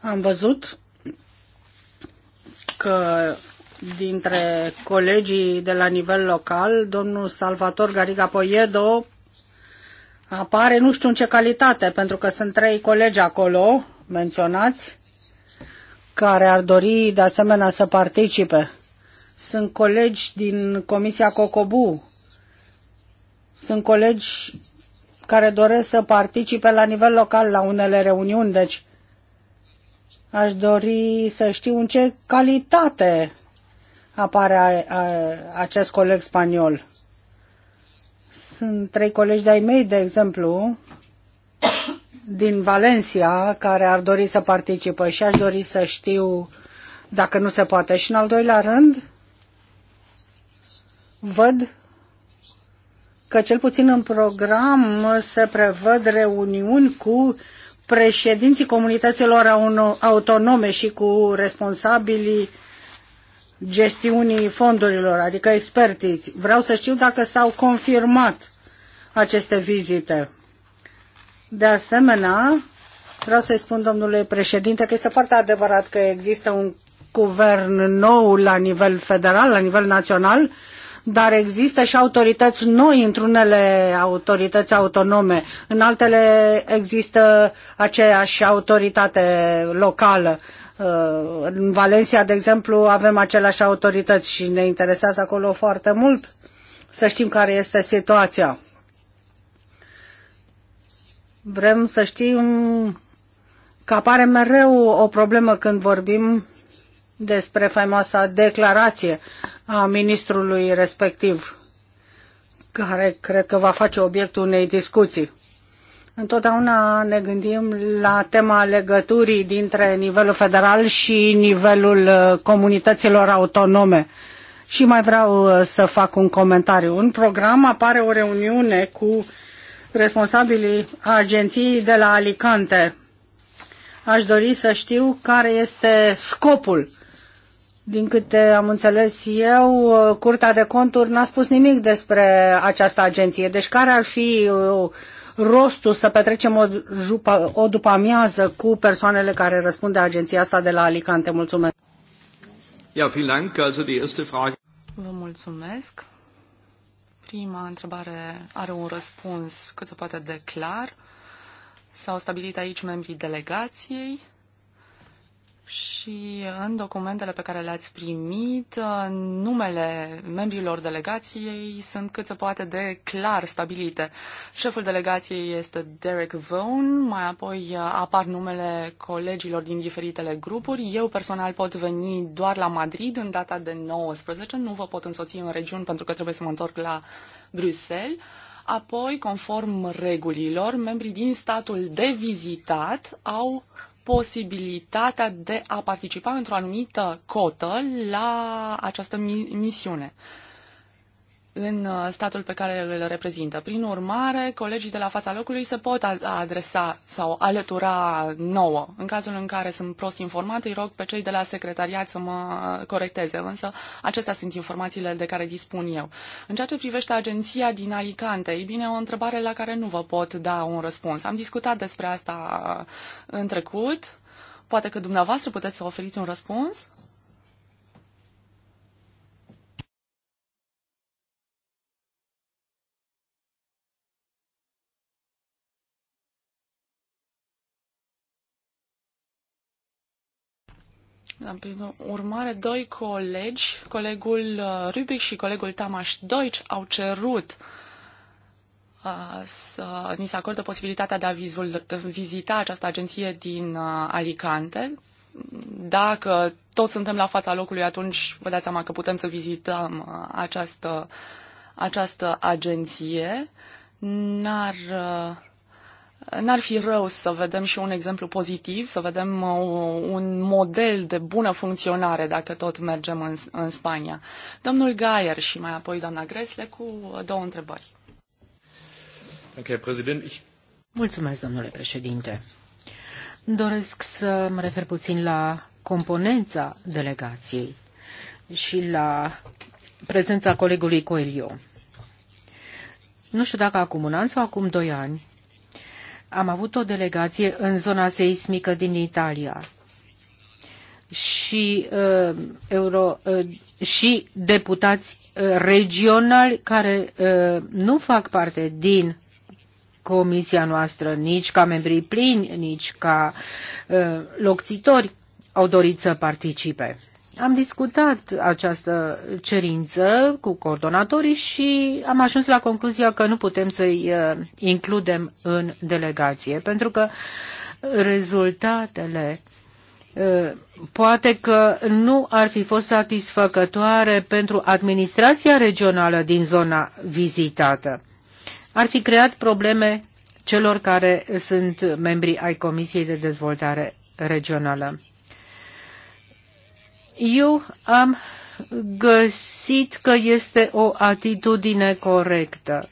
Am văzut că dintre colegii de la nivel local, domnul Salvator Gariga Poiedo apare nu știu în ce calitate, pentru că sunt trei colegi acolo menționați care ar dori de asemenea să participe. Sunt colegi din Comisia Cocobu sunt colegi care doresc să participe la nivel local la unele reuniuni, deci aș dori să știu în ce calitate apare a, a, acest coleg spaniol. Sunt trei colegi de-ai mei, de exemplu, din Valencia, care ar dori să participă și aș dori să știu dacă nu se poate. Și în al doilea rând, văd că cel puțin în program se prevăd reuniuni cu președinții comunităților autonome și cu responsabilii gestiunii fondurilor, adică expertiți. Vreau să știu dacă s-au confirmat aceste vizite. De asemenea, vreau să-i spun, domnule președinte, că este foarte adevărat că există un guvern nou la nivel federal, la nivel național dar există și autorități noi într-unele autorități autonome, în altele există aceeași autoritate locală. Uh, în Valencia, de exemplu, avem aceleași autorități și ne interesează acolo foarte mult să știm care este situația. Vrem să știm că apare mereu o problemă când vorbim despre faimoasa declarație a ministrului respectiv, care cred că va face obiectul unei discuții. Întotdeauna ne gândim la tema legăturii dintre nivelul federal și nivelul uh, comunităților autonome. Și mai vreau uh, să fac un comentariu. În program apare o reuniune cu responsabilii agenției de la Alicante. Aș dori să știu care este scopul din câte am înțeles eu, Curtea de Conturi n-a spus nimic despre această agenție. Deci care ar fi uh, rostul să petrecem o, jupă, o după amiază cu persoanele care răspund de agenția asta de la Alicante? Mulțumesc! Ja, vielen Dank. Also die erste Frage. Vă mulțumesc. Prima întrebare are un răspuns cât se poate de clar. S-au stabilit aici membrii delegației și în documentele pe care le-ați primit, numele membrilor delegației sunt cât se poate de clar stabilite. Șeful delegației este Derek Vaughan, mai apoi apar numele colegilor din diferitele grupuri. Eu personal pot veni doar la Madrid în data de 19, nu vă pot însoți în regiuni pentru că trebuie să mă întorc la Bruxelles. Apoi, conform regulilor, membrii din statul de vizitat au posibilitatea de a participa într-o anumită cotă la această misiune în uh, statul pe care îl reprezintă. Prin urmare, colegii de la fața locului se pot adresa sau alătura nouă. În cazul în care sunt prost informat, îi rog pe cei de la secretariat să mă corecteze, însă acestea sunt informațiile de care dispun eu. În ceea ce privește agenția din Alicante, e bine o întrebare la care nu vă pot da un răspuns. Am discutat despre asta în trecut. Poate că dumneavoastră puteți să oferiți un răspuns? Prin urmare, doi colegi, colegul uh, Rubic și colegul Tamaș Deutsch, au cerut uh, să ni se acordă posibilitatea de a vizul, vizita această agenție din uh, Alicante. Dacă toți suntem la fața locului, atunci vă dați seama că putem să vizităm această, această agenție. N-ar N-ar fi rău să vedem și un exemplu pozitiv, să vedem uh, un model de bună funcționare dacă tot mergem în, în Spania. Domnul Gaier și mai apoi doamna Gresle cu două întrebări. Mulțumesc, domnule președinte. Doresc să mă refer puțin la componența delegației și la prezența colegului Coelio. Nu știu dacă acum un an sau acum doi ani, am avut o delegație în zona seismică din Italia și, uh, euro, uh, și deputați uh, regionali care uh, nu fac parte din comisia noastră, nici ca membrii plini, nici ca uh, locțitori, au dorit să participe. Am discutat această cerință cu coordonatorii și am ajuns la concluzia că nu putem să-i uh, includem în delegație, pentru că rezultatele uh, poate că nu ar fi fost satisfăcătoare pentru administrația regională din zona vizitată. Ar fi creat probleme celor care sunt membri ai Comisiei de Dezvoltare Regională. Eu am găsit că este o atitudine corectă.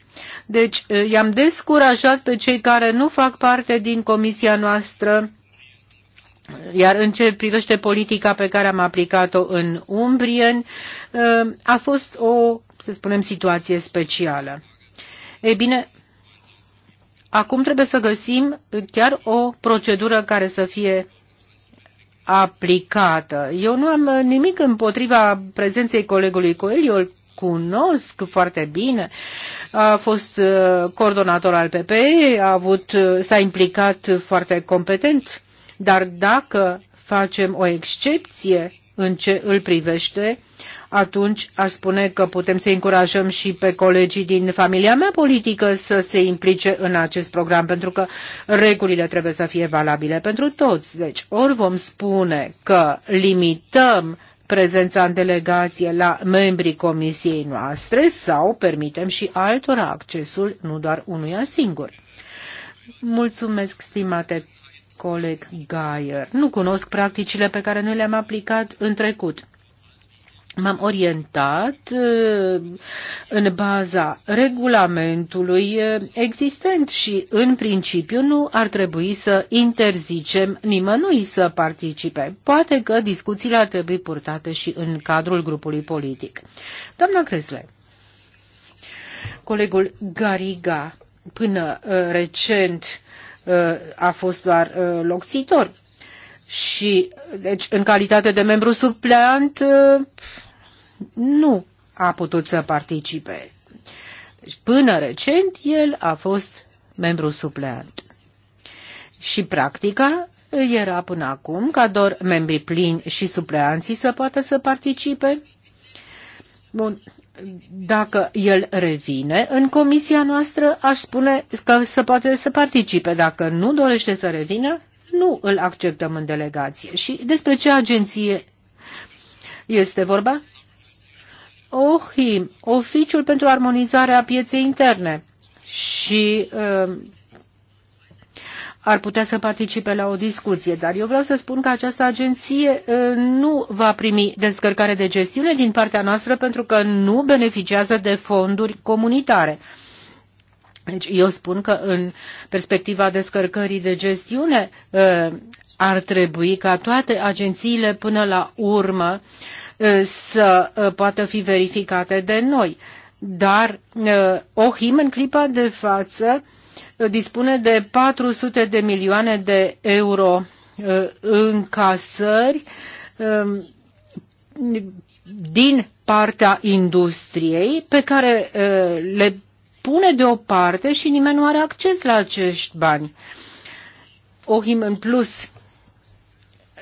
Deci eh, i-am descurajat pe cei care nu fac parte din comisia noastră, iar în ce privește politica pe care am aplicat-o în Umbrien, eh, a fost o, să spunem, situație specială. Ei bine, acum trebuie să găsim chiar o procedură care să fie aplicată. Eu nu am uh, nimic împotriva prezenței colegului Coelho, îl cunosc foarte bine. A fost uh, coordonator al PPE, a avut, uh, s-a implicat foarte competent, dar dacă facem o excepție în ce îl privește, atunci aș spune că putem să încurajăm și pe colegii din familia mea politică să se implice în acest program, pentru că regulile trebuie să fie valabile pentru toți. Deci, ori vom spune că limităm prezența în delegație la membrii comisiei noastre sau permitem și altora accesul, nu doar unuia singur. Mulțumesc, stimate coleg Gaier. Nu cunosc practicile pe care noi le-am aplicat în trecut m-am orientat uh, în baza regulamentului uh, existent și, în principiu, nu ar trebui să interzicem nimănui să participe. Poate că discuțiile ar trebui purtate și în cadrul grupului politic. Doamna Cresle, colegul Gariga, până uh, recent, a fost doar locțitor și, deci, în calitate de membru supleant, nu a putut să participe. Deci, până recent, el a fost membru supleant. Și practica era până acum ca doar membrii plini și supleanții să poată să participe. Bun, dacă el revine în comisia noastră, aș spune că se poate să participe. Dacă nu dorește să revină, nu îl acceptăm în delegație. Și despre ce agenție este vorba? OHI, Oficiul pentru Armonizarea Pieței Interne și um, ar putea să participe la o discuție, dar eu vreau să spun că această agenție uh, nu va primi descărcare de gestiune din partea noastră pentru că nu beneficiază de fonduri comunitare. Deci eu spun că în perspectiva descărcării de gestiune uh, ar trebui ca toate agențiile până la urmă uh, să uh, poată fi verificate de noi. Dar OHIM în clipa de față dispune de 400 de milioane de euro în casări um, din partea industriei pe care le pune deoparte și nimeni nu are acces la acești bani. Ohim în plus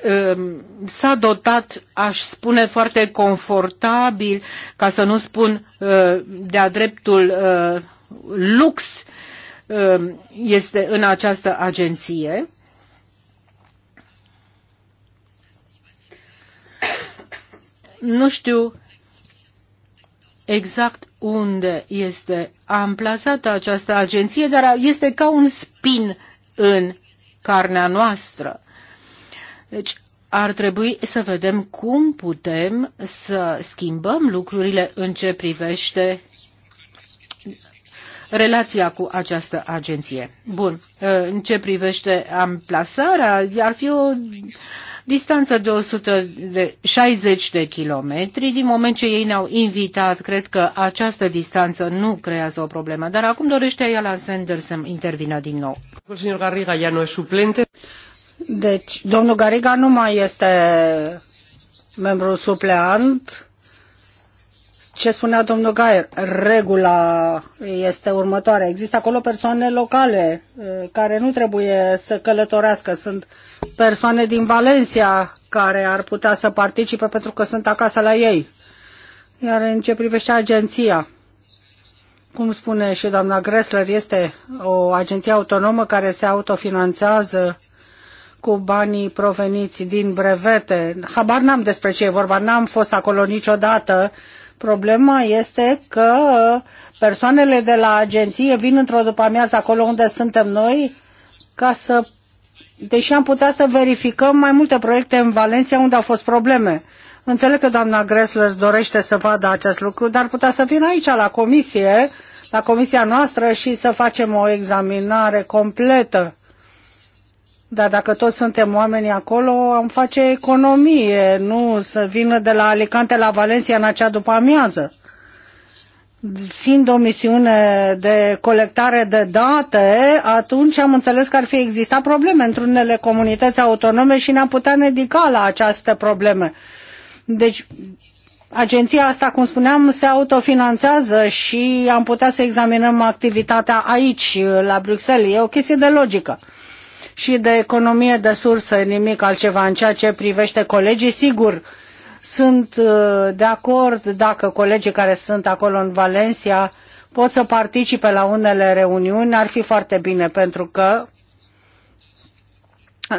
um, s-a dotat, aș spune, foarte confortabil, ca să nu spun uh, de-a dreptul uh, lux, um, este în această agenție. Nu știu exact unde este amplasată această agenție, dar este ca un spin în carnea noastră. Deci ar trebui să vedem cum putem să schimbăm lucrurile în ce privește relația cu această agenție. Bun, în ce privește amplasarea, ar fi o distanță de 160 de kilometri. Din moment ce ei ne-au invitat, cred că această distanță nu creează o problemă. Dar acum dorește Ayala Sanders să intervină din nou. Deci, domnul Gariga nu mai este membru supleant ce spunea domnul Gaier, regula este următoarea. Există acolo persoane locale eh, care nu trebuie să călătorească. Sunt persoane din Valencia care ar putea să participe pentru că sunt acasă la ei. Iar în ce privește agenția, cum spune și doamna Gressler, este o agenție autonomă care se autofinanțează cu banii proveniți din brevete. Habar n-am despre ce e vorba, n-am fost acolo niciodată, Problema este că persoanele de la agenție vin într-o după-amiază acolo unde suntem noi ca să deși am putea să verificăm mai multe proiecte în Valencia unde au fost probleme. Înțeleg că doamna Gressler dorește să vadă acest lucru, dar putea să vină aici la comisie, la comisia noastră și să facem o examinare completă da, dacă toți suntem oameni acolo, am face economie, nu să vină de la Alicante la Valencia în acea după amiază. Fiind o misiune de colectare de date, atunci am înțeles că ar fi existat probleme într unele comunități autonome și ne-am putea dedica la aceste probleme. Deci, agenția asta, cum spuneam, se autofinanțează și am putea să examinăm activitatea aici, la Bruxelles. E o chestie de logică și de economie de sursă, nimic altceva. În ceea ce privește colegii, sigur, sunt uh, de acord dacă colegii care sunt acolo în Valencia pot să participe la unele reuniuni, ar fi foarte bine, pentru că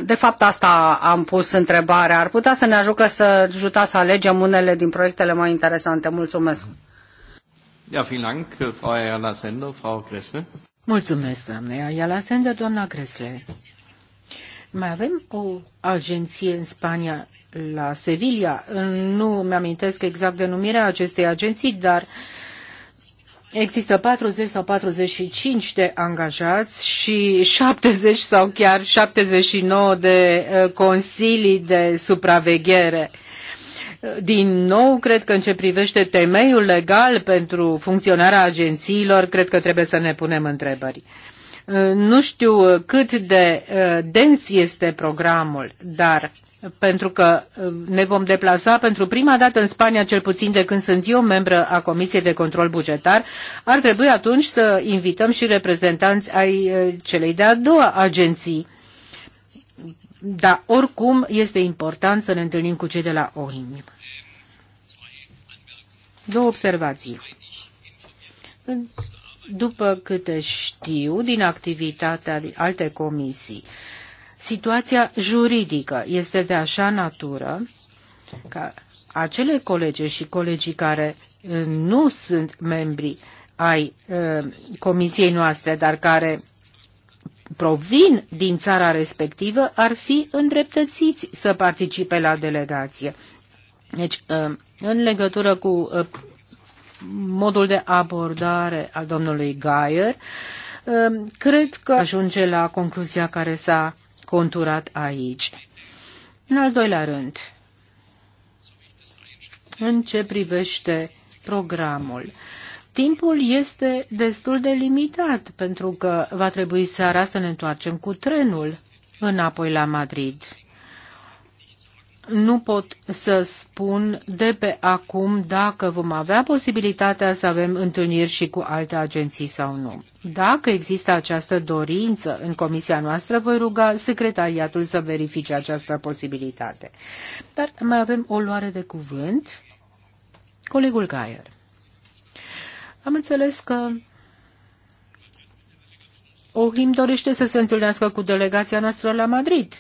de fapt, asta am pus întrebarea. Ar putea să ne ajucă să ajuta să alegem unele din proiectele mai interesante. Mulțumesc. Ja, vielen Dank, Frau Ayala Sender, Frau Gressle. Mulțumesc, doamne Ayala Sender, doamna Gressle. Mai avem o agenție în Spania, la Sevilla. Nu mi-amintesc exact denumirea acestei agenții, dar există 40 sau 45 de angajați și 70 sau chiar 79 de eh, consilii de supraveghere. Din nou, cred că în ce privește temeiul legal pentru funcționarea agențiilor, cred că trebuie să ne punem întrebări. Nu știu uh, cât de uh, dens este programul, dar uh, pentru că ne vom deplasa pentru prima dată în Spania, cel puțin de când sunt eu membră a Comisiei de Control Bugetar, ar trebui atunci să invităm și reprezentanți ai celei de-a doua agenții. Dar oricum este important să ne întâlnim cu cei de la OIM. Două observații. După câte știu din activitatea alte comisii, situația juridică este de așa natură ca acele colegi și colegii care uh, nu sunt membri ai uh, comisiei noastre, dar care provin din țara respectivă, ar fi îndreptățiți să participe la delegație. Deci, uh, în legătură cu uh, modul de abordare al domnului Gaier, ehm, cred că ajunge la concluzia care s-a conturat aici. În al doilea rând, în ce privește programul, timpul este destul de limitat pentru că va trebui seara să ne întoarcem cu trenul înapoi la Madrid nu pot să spun de pe acum dacă vom avea posibilitatea să avem întâlniri și cu alte agenții sau nu. Dacă există această dorință în comisia noastră, voi ruga secretariatul să verifice această posibilitate. Dar mai avem o luare de cuvânt. Colegul Gaier. Am înțeles că Ohim dorește să se întâlnească cu delegația noastră la Madrid.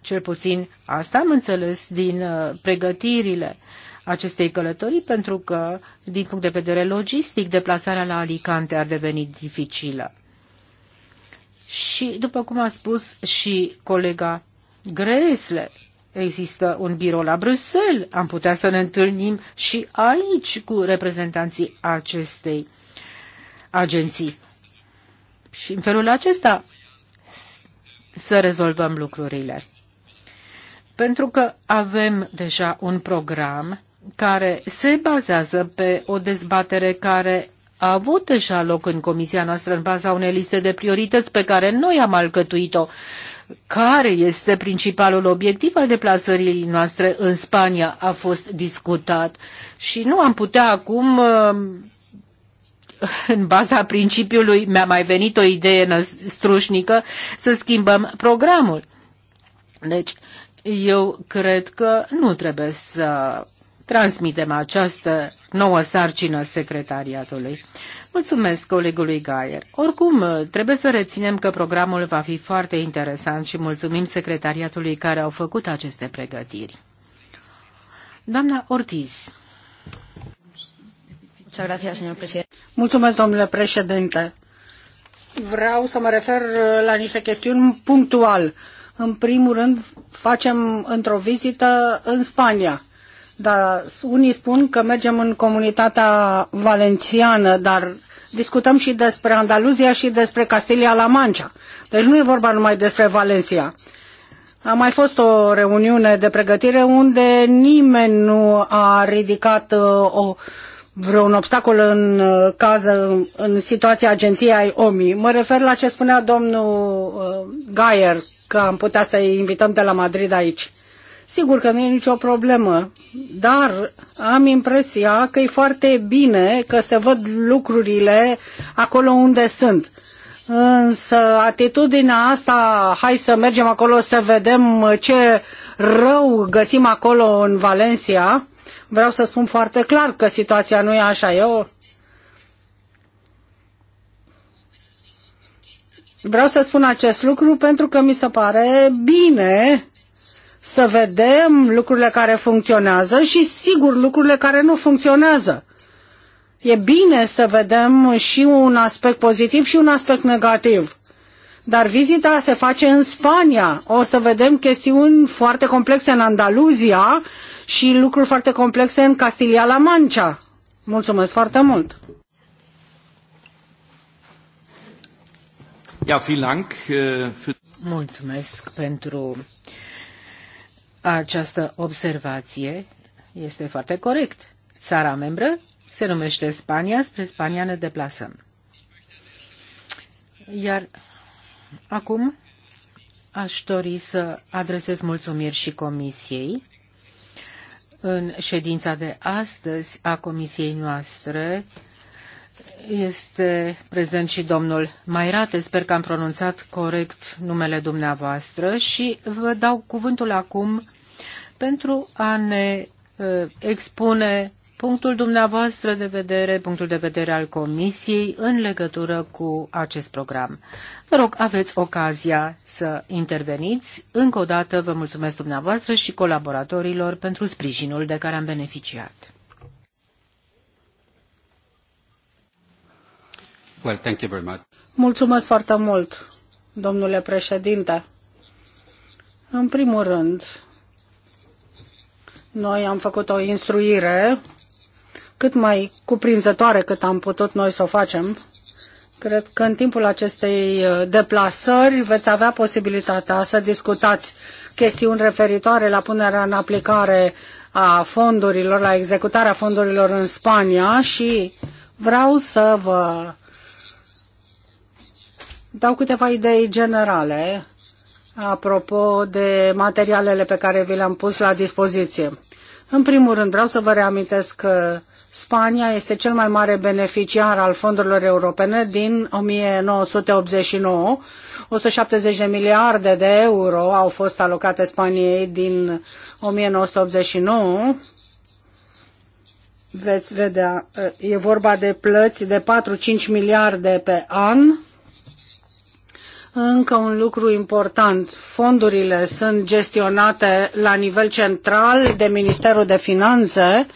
Cel puțin asta am înțeles din uh, pregătirile acestei călătorii, pentru că, din punct de vedere logistic, deplasarea la Alicante ar deveni dificilă. Și, după cum a spus și colega Gresle, există un birou la Bruxelles. Am putea să ne întâlnim și aici cu reprezentanții acestei agenții și în felul acesta să rezolvăm lucrurile. Pentru că avem deja un program care se bazează pe o dezbatere care a avut deja loc în comisia noastră în baza unei liste de priorități pe care noi am alcătuit-o. Care este principalul obiectiv al deplasării noastre în Spania a fost discutat și nu am putea acum uh, în baza principiului mi-a mai venit o idee strușnică să schimbăm programul. Deci, eu cred că nu trebuie să transmitem această nouă sarcină secretariatului. Mulțumesc colegului Gaier. Oricum, trebuie să reținem că programul va fi foarte interesant și mulțumim secretariatului care au făcut aceste pregătiri. Doamna Ortiz domnule președinte. Vreau să mă refer uh, la niște chestiuni punctual. În primul rând, facem într-o vizită în Spania. Dar unii spun că mergem în comunitatea valențiană, dar discutăm și despre Andaluzia și despre Castilia-La Mancha. Deci nu e vorba numai despre Valencia. A mai fost o reuniune de pregătire unde nimeni nu a ridicat uh, o vreun obstacol în uh, cază, în situația agenției ai OMI. Mă refer la ce spunea domnul uh, Gaier, că am putea să-i invităm de la Madrid aici. Sigur că nu e nicio problemă, dar am impresia că e foarte bine că se văd lucrurile acolo unde sunt. Însă atitudinea asta, hai să mergem acolo să vedem ce rău găsim acolo în Valencia, Vreau să spun foarte clar că situația nu e așa. Eu vreau să spun acest lucru pentru că mi se pare bine să vedem lucrurile care funcționează și sigur lucrurile care nu funcționează. E bine să vedem și un aspect pozitiv și un aspect negativ dar vizita se face în Spania. O să vedem chestiuni foarte complexe în Andaluzia și lucruri foarte complexe în Castilia-La Mancha. Mulțumesc foarte mult! Äh, Mulțumesc pentru această observație. Este foarte corect. Țara membră se numește Spania, spre Spania ne deplasăm. Iar Acum aș dori să adresez mulțumiri și Comisiei. În ședința de astăzi a Comisiei noastre este prezent și domnul Mairate, sper că am pronunțat corect numele dumneavoastră și vă dau cuvântul acum pentru a ne uh, expune punctul dumneavoastră de vedere, punctul de vedere al Comisiei în legătură cu acest program. Vă rog, aveți ocazia să interveniți. Încă o dată vă mulțumesc dumneavoastră și colaboratorilor pentru sprijinul de care am beneficiat. Well, thank you very much. Mulțumesc foarte mult, domnule președinte. În primul rând, noi am făcut o instruire cât mai cuprinzătoare cât am putut noi să o facem. Cred că în timpul acestei uh, deplasări veți avea posibilitatea să discutați chestiuni referitoare la punerea în aplicare a fondurilor, la executarea fondurilor în Spania și vreau să vă dau câteva idei generale apropo de materialele pe care vi le-am pus la dispoziție. În primul rând, vreau să vă reamintesc că Spania este cel mai mare beneficiar al fondurilor europene din 1989. 170 de miliarde de euro au fost alocate Spaniei din 1989. Veți vedea, uh, e vorba de plăți de 4-5 miliarde pe an. Încă un lucru important, fondurile sunt gestionate la nivel central de Ministerul de Finanțe,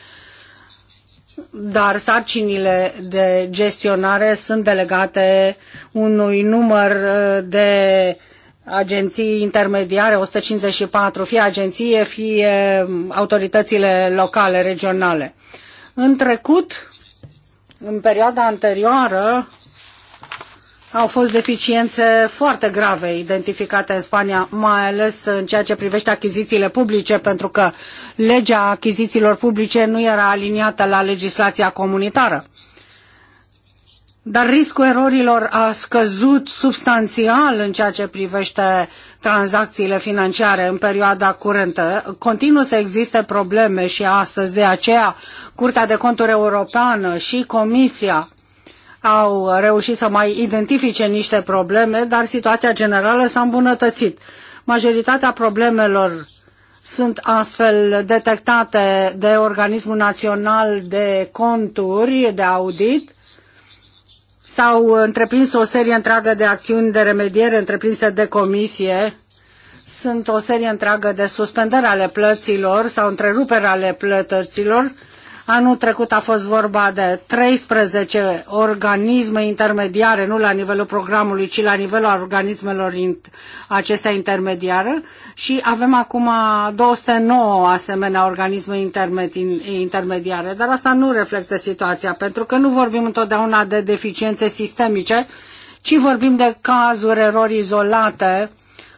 dar sarcinile de gestionare sunt delegate unui număr uh, de agenții intermediare, 154, fie agenție, fie um, autoritățile locale, regionale. În trecut, în perioada anterioară, au fost deficiențe foarte grave identificate în Spania, mai ales în ceea ce privește achizițiile publice, pentru că legea achizițiilor publice nu era aliniată la legislația comunitară. Dar riscul erorilor a scăzut substanțial în ceea ce privește tranzacțiile financiare în perioada curentă. Continuă să existe probleme și astăzi, de aceea Curtea de Conturi Europeană și Comisia au reușit să mai identifice niște probleme, dar situația generală s-a îmbunătățit. Majoritatea problemelor sunt astfel detectate de Organismul Național de Conturi, de audit, S-au întreprins o serie întreagă de acțiuni de remediere întreprinse de comisie. Sunt o serie întreagă de suspendări ale plăților sau întrerupere ale plătăților Anul trecut a fost vorba de 13 organisme intermediare, nu la nivelul programului, ci la nivelul organismelor acestea intermediare și avem acum 209 asemenea organisme intermediare, dar asta nu reflectă situația, pentru că nu vorbim întotdeauna de deficiențe sistemice, ci vorbim de cazuri, erori izolate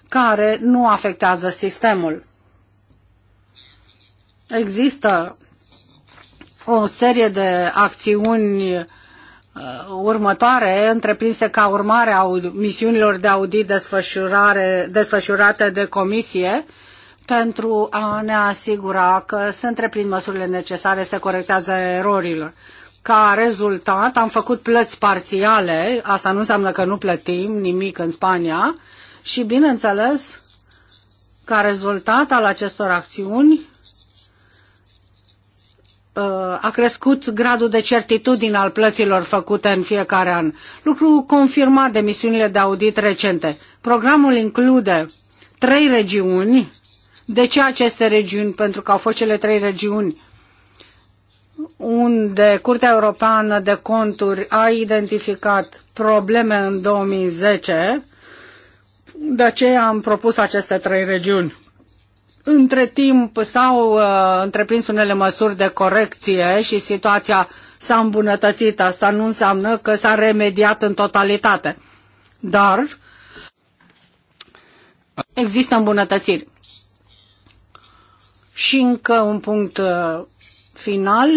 care nu afectează sistemul. Există o serie de acțiuni uh, următoare întreprinse ca urmare a misiunilor de audit desfășurare, desfășurate de comisie pentru a ne asigura că se întreprind măsurile necesare, se corectează erorilor. Ca rezultat am făcut plăți parțiale, asta nu înseamnă că nu plătim nimic în Spania și bineînțeles ca rezultat al acestor acțiuni Uh, a crescut gradul de certitudine al plăților făcute în fiecare an, lucru confirmat de misiunile de audit recente. Programul include trei regiuni. De ce aceste regiuni? Pentru că au fost cele trei regiuni unde Curtea Europeană de Conturi a identificat probleme în 2010, de aceea am propus aceste trei regiuni. Între timp s-au uh, întreprins unele măsuri de corecție și situația s-a îmbunătățit. Asta nu înseamnă că s-a remediat în totalitate. Dar există îmbunătățiri. Și încă un punct uh, final.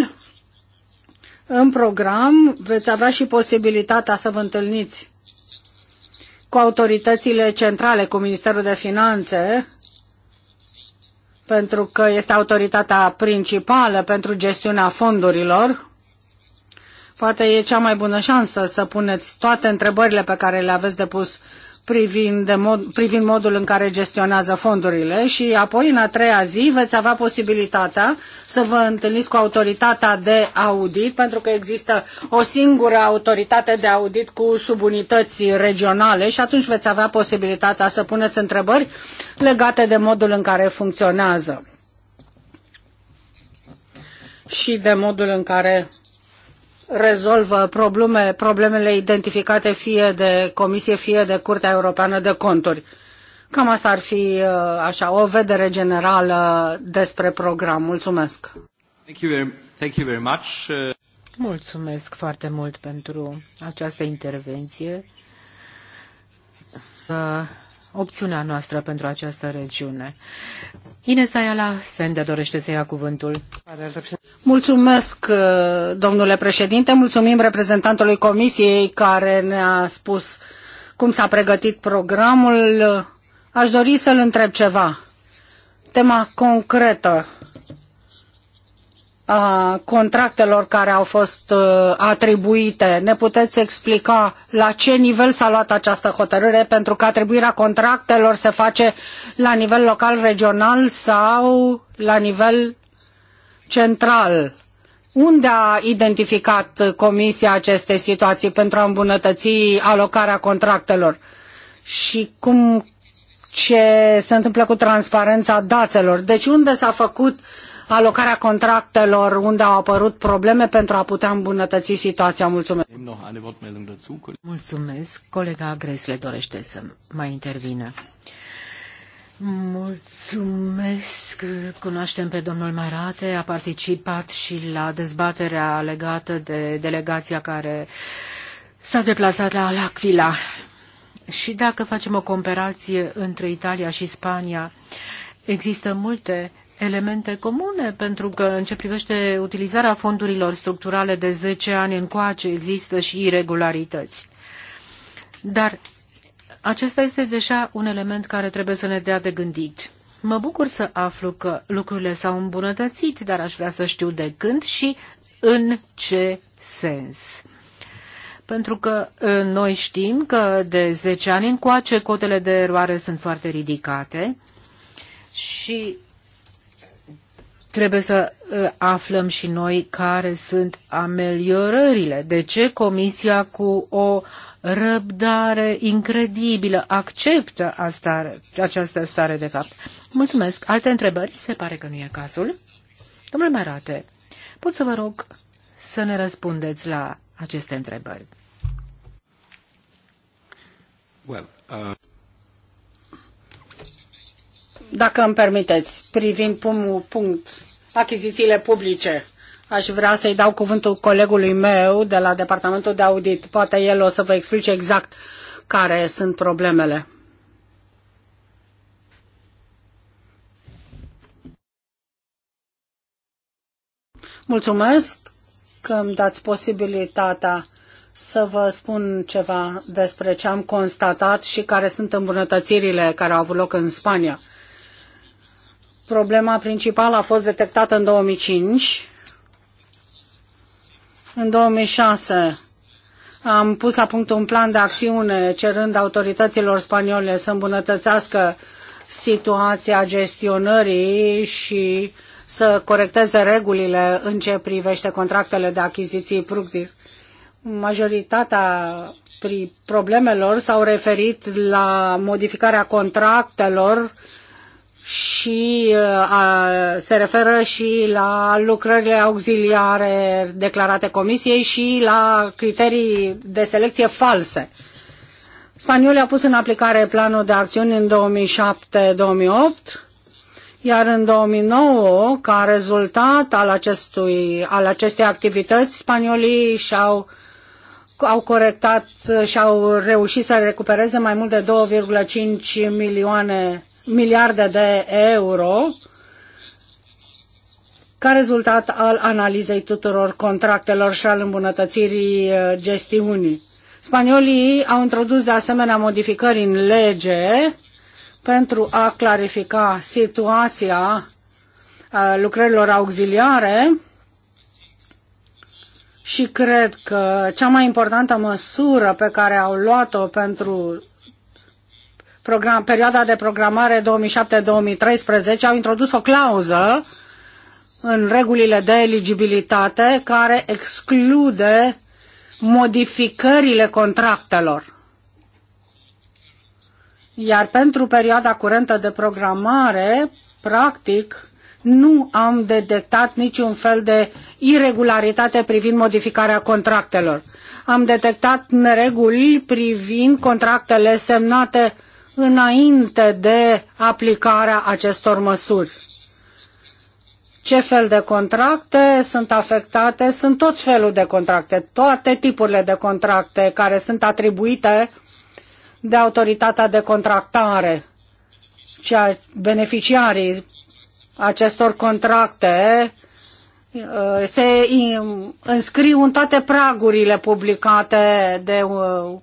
În program veți avea și posibilitatea să vă întâlniți cu autoritățile centrale, cu Ministerul de Finanțe, pentru că este autoritatea principală pentru gestiunea fondurilor. Poate e cea mai bună șansă să puneți toate întrebările pe care le aveți de pus privind, de mod, privind modul în care gestionează fondurile și apoi în a treia zi veți avea posibilitatea să vă întâlniți cu autoritatea de audit, pentru că există o singură autoritate de audit cu subunități regionale și atunci veți avea posibilitatea să puneți întrebări legate de modul în care funcționează și de modul în care rezolvă probleme, problemele identificate fie de Comisie, fie de Curtea Europeană de Conturi. Cam asta ar fi uh, așa o vedere generală despre program. Mulțumesc. Thank you very, thank you very much. Uh, Mulțumesc foarte mult pentru această intervenție opțiunea noastră pentru această regiune. Ines Ayala Sende, dorește să ia cuvântul. Mulțumesc, uh, domnule președinte, mulțumim reprezentantului comisiei care ne-a spus cum s-a pregătit programul. Aș dori să-l întreb ceva. Tema concretă contractelor care au fost atribuite. Ne puteți explica la ce nivel s-a luat această hotărâre pentru că atribuirea contractelor se face la nivel local, regional sau la nivel central? Unde a identificat Comisia aceste situații pentru a îmbunătăți alocarea contractelor? Și cum ce se întâmplă cu transparența datelor? Deci unde s-a făcut uh, alocarea contractelor unde au apărut probleme pentru a putea îmbunătăți situația. Mulțumesc! Mulțumesc! Colega Gresle dorește să mai intervină. Mulțumesc. Cunoaștem pe domnul Marate, a participat și la dezbaterea legată de delegația care s-a deplasat la Alacvila. Și dacă facem o comparație între Italia și Spania, există multe elemente comune, pentru că în ce privește utilizarea fondurilor structurale de 10 ani încoace există și irregularități. Dar acesta este deja un element care trebuie să ne dea de gândit. Mă bucur să aflu că lucrurile s-au îmbunătățit, dar aș vrea să știu de când și în ce sens. Pentru că ă, noi știm că de 10 ani încoace cotele de eroare sunt foarte ridicate și trebuie să uh, aflăm și noi care sunt ameliorările. De ce Comisia cu o răbdare incredibilă acceptă asta, această stare de fapt? Mulțumesc. Alte întrebări? Se pare că nu e cazul. Domnule Marate, pot să vă rog să ne răspundeți la aceste întrebări. Well, uh... Dacă îmi permiteți, privind punctul achizițiile publice. Aș vrea să-i dau cuvântul colegului meu de la Departamentul de Audit. Poate el o să vă explice exact care sunt problemele. Mulțumesc că îmi dați posibilitatea să vă spun ceva despre ce am constatat și care sunt îmbunătățirile care au avut loc în Spania. Problema principală a fost detectată în 2005. În 2006 am pus la punct un plan de acțiune cerând autorităților spaniole să îmbunătățească situația gestionării și să corecteze regulile în ce privește contractele de achiziții public. Majoritatea problemelor s-au referit la modificarea contractelor și uh, a, se referă și la lucrările auxiliare declarate comisiei și la criterii de selecție false. Spaniolii au pus în aplicare planul de acțiuni în 2007-2008, iar în 2009, ca rezultat al, acestui, al acestei activități, spaniolii și-au au corectat și au reușit să recupereze mai mult de 2,5 milioane, miliarde de euro ca rezultat al analizei tuturor contractelor și al îmbunătățirii uh, gestiunii. Spaniolii au introdus de asemenea modificări în lege pentru a clarifica situația uh, lucrărilor auxiliare și cred că cea mai importantă măsură pe care au luat-o pentru program, perioada de programare 2007-2013 au introdus o clauză în regulile de eligibilitate care exclude modificările contractelor. Iar pentru perioada curentă de programare, practic, nu am detectat niciun fel de iregularitate privind modificarea contractelor. Am detectat nereguli privind contractele semnate înainte de aplicarea acestor măsuri. Ce fel de contracte sunt afectate? Sunt tot felul de contracte, toate tipurile de contracte care sunt atribuite de autoritatea de contractare, ceea beneficiarii acestor contracte Uh, se înscriu în toate pragurile publicate de uh,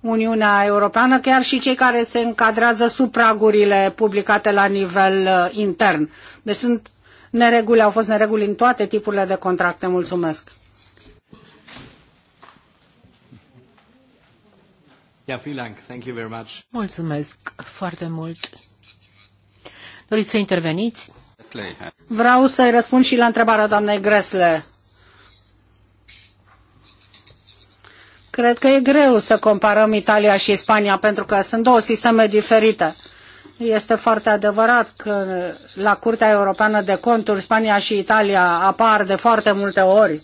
Uniunea Europeană, chiar și cei care se încadrează sub pragurile publicate la nivel uh, intern. Deci sunt nereguli, au fost nereguli în toate tipurile de contracte. Mulțumesc. Mulțumesc foarte mult. Doriți să interveniți? Vreau să-i răspund și la întrebarea doamnei Gresle. Cred că e greu să comparăm Italia și Spania pentru că sunt două sisteme diferite. Este foarte adevărat că la Curtea Europeană de Conturi Spania și Italia apar de foarte multe ori,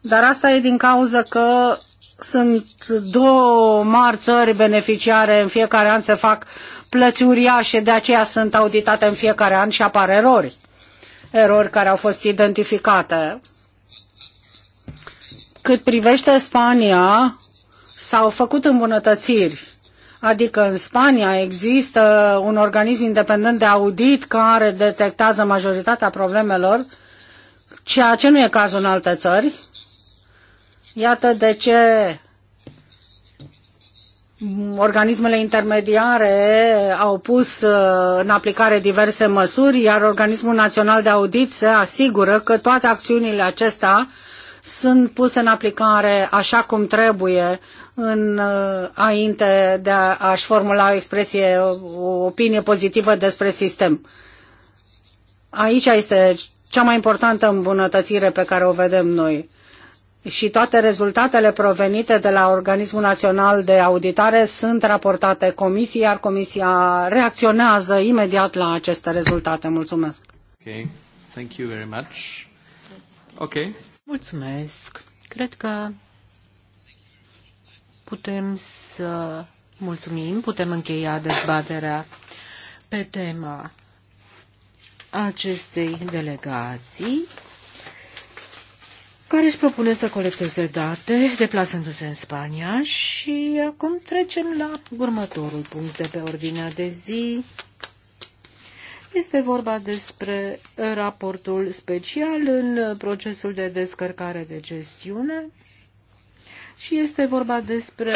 dar asta e din cauza că sunt două mari țări beneficiare, în fiecare an se fac plăți uriașe, de aceea sunt auditate în fiecare an și apar erori erori care au fost identificate. Cât privește Spania, s-au făcut îmbunătățiri. Adică în Spania există un organism independent de audit care detectează majoritatea problemelor, ceea ce nu e cazul în alte țări. Iată de ce organismele intermediare au pus uh, în aplicare diverse măsuri, iar Organismul Național de Audit se asigură că toate acțiunile acestea sunt puse în aplicare așa cum trebuie uh, înainte de a-și formula o expresie, o opinie pozitivă despre sistem. Aici este cea mai importantă îmbunătățire pe care o vedem noi și toate rezultatele provenite de la Organismul Național de Auditare sunt raportate comisiei, iar comisia reacționează imediat la aceste rezultate. Mulțumesc. Okay. Thank you very much. Okay. Mulțumesc. Cred că putem să mulțumim, putem încheia dezbaterea pe tema acestei delegații care își propune să colecteze date, deplasându-se în Spania și acum trecem la următorul punct de pe ordinea de zi. Este vorba despre raportul special în procesul de descărcare de gestiune și este vorba despre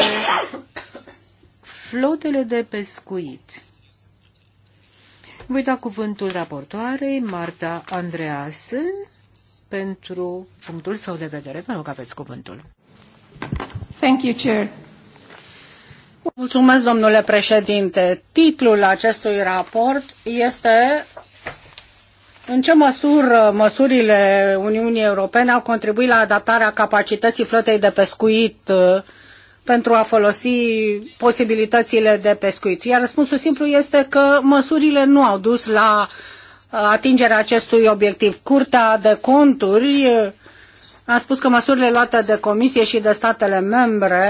flotele de pescuit. Voi da cuvântul raportoarei Marta Andreasen pentru punctul său de vedere. Vă rog, aveți cuvântul. Thank you, Chair. Mulțumesc, domnule președinte. Titlul acestui raport este în ce măsură măsurile Uniunii Europene au contribuit la adaptarea capacității flotei de pescuit uh, pentru a folosi posibilitățile de pescuit? Iar răspunsul simplu este că măsurile nu au dus la atingerea acestui obiectiv. Curtea de conturi uh, a spus că măsurile luate de Comisie și de statele membre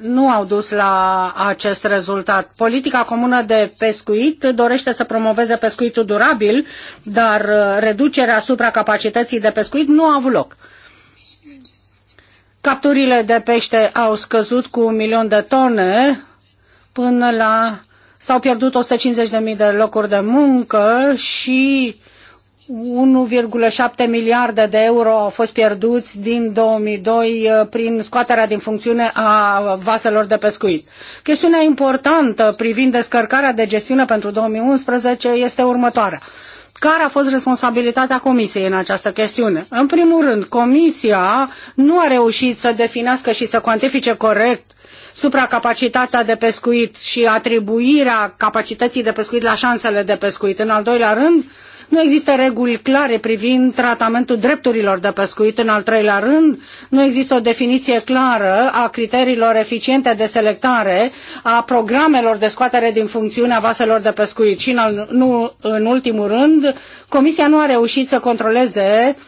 nu au dus la acest rezultat. Politica comună de pescuit dorește să promoveze pescuitul durabil, dar uh, reducerea supracapacității de pescuit nu a avut loc. Capturile de pește au scăzut cu un milion de tone până la S-au pierdut 150.000 de locuri de muncă și 1,7 miliarde de euro au fost pierduți din 2002 uh, prin scoaterea din funcțiune a vaselor de pescuit. Chestiunea importantă privind descărcarea de gestiune pentru 2011 este următoarea. Care a fost responsabilitatea Comisiei în această chestiune? În primul rând, Comisia nu a reușit să definească și să cuantifice corect uh, supracapacitatea de pescuit și atribuirea capacității de pescuit la șansele de pescuit. În al doilea rând, nu există reguli clare privind tratamentul drepturilor de pescuit. În al treilea rând, nu există o definiție clară a criteriilor eficiente de selectare a programelor de scoatere din funcțiune a vaselor de pescuit. Și în, al, nu, în ultimul rând, Comisia nu a reușit să controleze uh,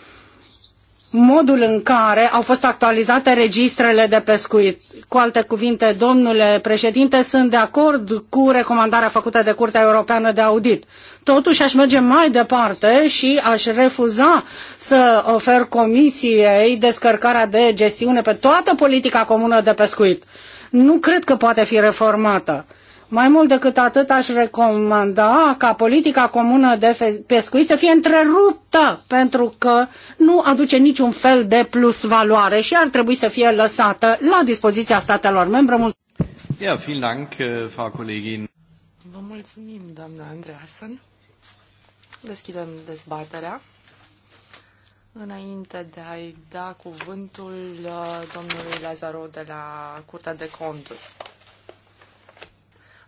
modul în care au fost actualizate registrele de pescuit. Cu alte cuvinte, domnule președinte, sunt de acord cu recomandarea făcută de Curtea Europeană de Audit. Totuși aș merge mai departe și aș refuza să ofer comisiei descărcarea de gestiune pe toată politica comună de pescuit. Nu cred că poate fi reformată mai mult decât atât aș recomanda ca politica comună de pescuit să fie întreruptă pentru că nu aduce niciun fel de plus valoare și ar trebui să fie lăsată la dispoziția statelor membre. Mul- ja, vielen Dank, äh, Frau Kollegin. Vă mulțumim, doamna Andreasen. Deschidem dezbaterea. Înainte de a-i da cuvântul uh, domnului Lazaro de la Curtea de Conturi.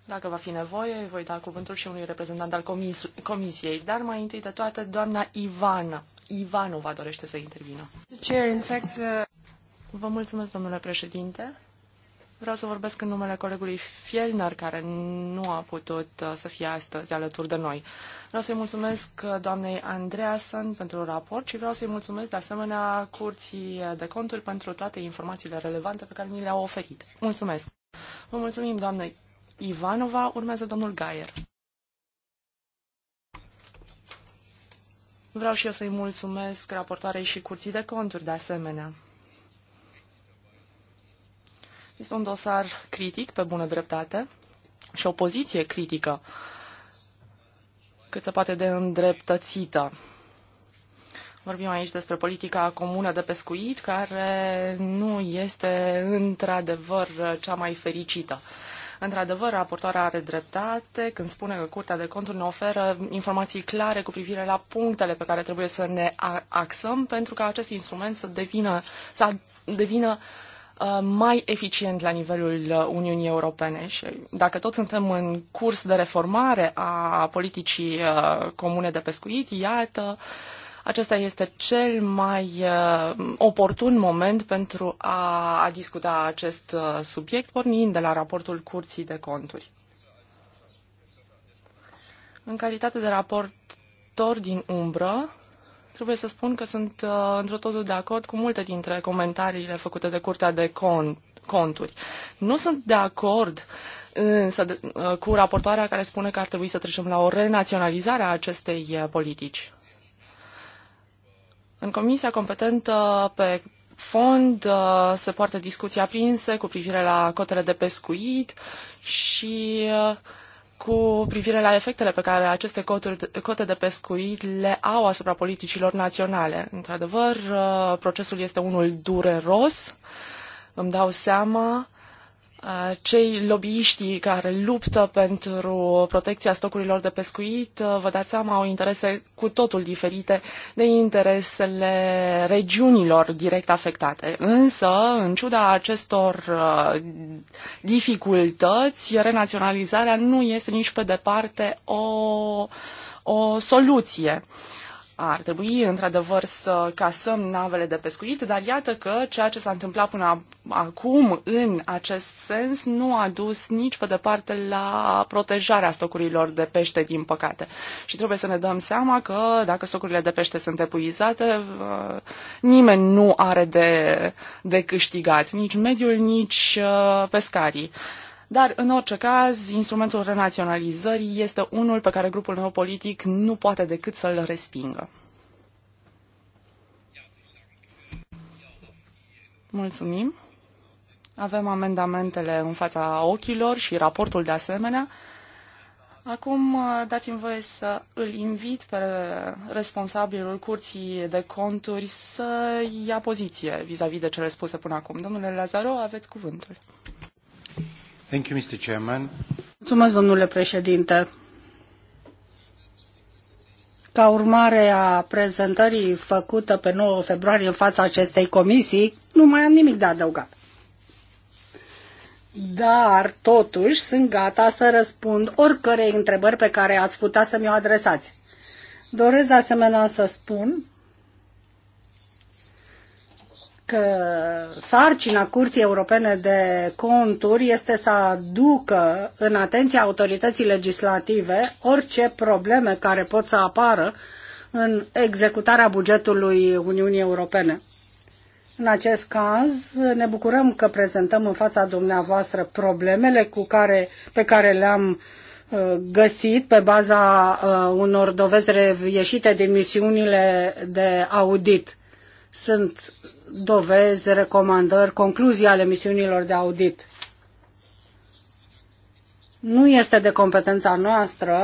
Dacă va fi nevoie, voi da cuvântul și unui reprezentant al comis- comisiei. Dar mai întâi de toate, doamna Ivana. Ivanova dorește să intervină. Uh, Vă mulțumesc, domnule președinte. Vreau să vorbesc în numele colegului Fielner, care nu a putut uh, să fie astăzi alături de noi. Vreau să-i mulțumesc uh, doamnei Andreasen pentru raport și vreau să-i mulțumesc de asemenea Curții de Conturi pentru toate informațiile relevante pe care ni le-au oferit. Mulțumesc! Vă mulțumim, doamnei Ivanova, urmează domnul Gaier. Vreau și eu să-i mulțumesc raportoarei și curții de conturi, de asemenea. Este un dosar critic, pe bună dreptate, și o poziție critică, cât se poate de îndreptățită. Vorbim aici despre politica comună de pescuit, care nu este într-adevăr cea mai fericită. Într-adevăr, raportoarea are dreptate când spune că Curtea de Conturi ne oferă informații clare cu privire la punctele pe care trebuie să ne axăm pentru ca acest instrument să devină, să devină uh, mai eficient la nivelul uh, Uniunii Europene și dacă toți suntem în curs de reformare a politicii uh, comune de pescuit, iată, uh, acesta este cel mai uh, oportun moment pentru a discuta acest uh, subiect, pornind de la raportul Curții de Conturi. În calitate de raportor din umbră, trebuie să spun că sunt uh, într totul de acord cu multe dintre comentariile făcute de Curtea de conturi. Nu sunt de acord însă de, uh, cu raportoarea care spune că ar trebui să trecem la o renaționalizare a acestei politici. În comisia competentă pe fond uh, se poartă discuții aprinse cu privire la cotele de pescuit și uh, cu privire la efectele pe care aceste coturi, cote de pescuit le au asupra politicilor naționale. Într-adevăr, uh, procesul este unul dureros, îmi dau seama, cei lobbyiștii care luptă pentru protecția stocurilor de pescuit, vă dați seama, au interese cu totul diferite de interesele regiunilor direct afectate. Însă, în ciuda acestor dificultăți, renaționalizarea nu este nici pe departe o, o soluție. Uh, ar trebui, într-adevăr, să casăm navele de pescuit, dar iată că ceea ce s-a întâmplat până acum în acest sens nu a dus nici pe departe la protejarea stocurilor de pește, din păcate. Și trebuie să ne dăm seama că dacă stocurile de pește sunt epuizate, uh, nimeni nu are de, de câștigat, nici mediul, nici uh, pescarii. Dar, în orice caz, instrumentul renaționalizării este unul pe care grupul meu politic nu poate decât să-l respingă. Mulțumim. Avem amendamentele în fața ochilor și raportul de asemenea. Acum dați-mi voie să îl invit pe responsabilul Curții de Conturi să ia poziție vis-a-vis -vis de cele spuse până acum. Domnule Lazaro, aveți cuvântul președinte. Ca urmare a prezentării făcută pe 9 februarie în fața acestei comisii, nu mai am nimic de adăugat. Dar, totuși, sunt gata să răspund oricărei întrebări pe care ați putea să mi-o adresați. Doresc de asemenea să spun că sarcina Curții Europene de Conturi este să aducă în atenția autorității legislative orice probleme care pot să apară în executarea bugetului Uniunii Europene. În acest caz, ne bucurăm că prezentăm în fața dumneavoastră problemele cu care, pe care le-am uh, găsit pe baza uh, unor dovezi ieșite din misiunile de audit sunt dovezi, recomandări, concluzii ale misiunilor de audit. Nu este de competența noastră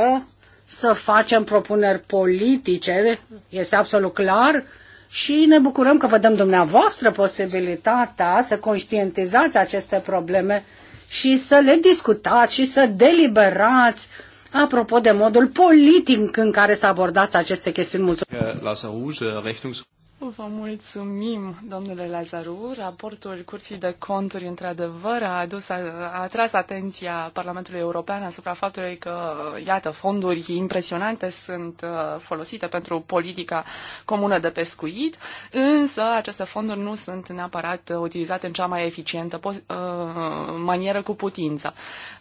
să facem propuneri politice, este absolut clar, și ne bucurăm că vă dăm dumneavoastră posibilitatea să conștientizați aceste probleme și să le discutați și să deliberați apropo de modul politic în care să abordați aceste chestiuni. Mulțumesc! Vă mulțumim, domnule Lazaru. Raportul Curții de Conturi, într-adevăr, a, adus, a, a atras atenția Parlamentului European asupra faptului că, iată, fonduri impresionante sunt uh, folosite pentru politica comună de pescuit, însă aceste fonduri nu sunt neapărat utilizate în cea mai eficientă uh, manieră cu putință.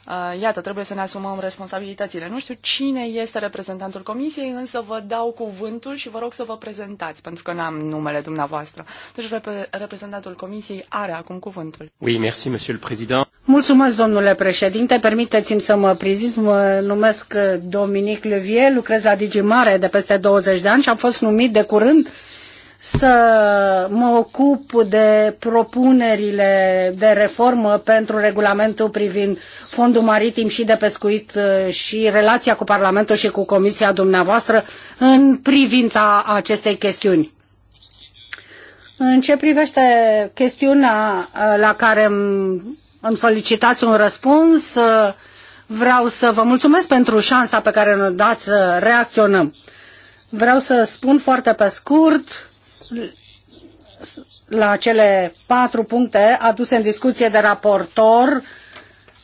Uh, iată, trebuie să ne asumăm responsabilitățile. Nu știu cine este reprezentantul Comisiei, însă vă dau cuvântul și vă rog să vă prezentați, pentru că n-am numele dumneavoastră. Deci rep- reprezentantul Comisiei are acum cuvântul. Oui, merci, monsieur le président. Mulțumesc, domnule președinte. Permiteți-mi să mă prezint. Mă numesc uh, Dominic Levie, lucrez la Digimare de peste 20 de ani și am fost numit de curând să mă ocup de propunerile de reformă pentru regulamentul privind fondul maritim și de pescuit uh, și relația cu Parlamentul și cu Comisia dumneavoastră în privința acestei chestiuni. În ce privește chestiunea uh, la care îmi solicitați un răspuns, uh, vreau să vă mulțumesc pentru șansa pe care ne dați să reacționăm. Vreau să spun foarte pe scurt la cele patru puncte aduse în discuție de raportor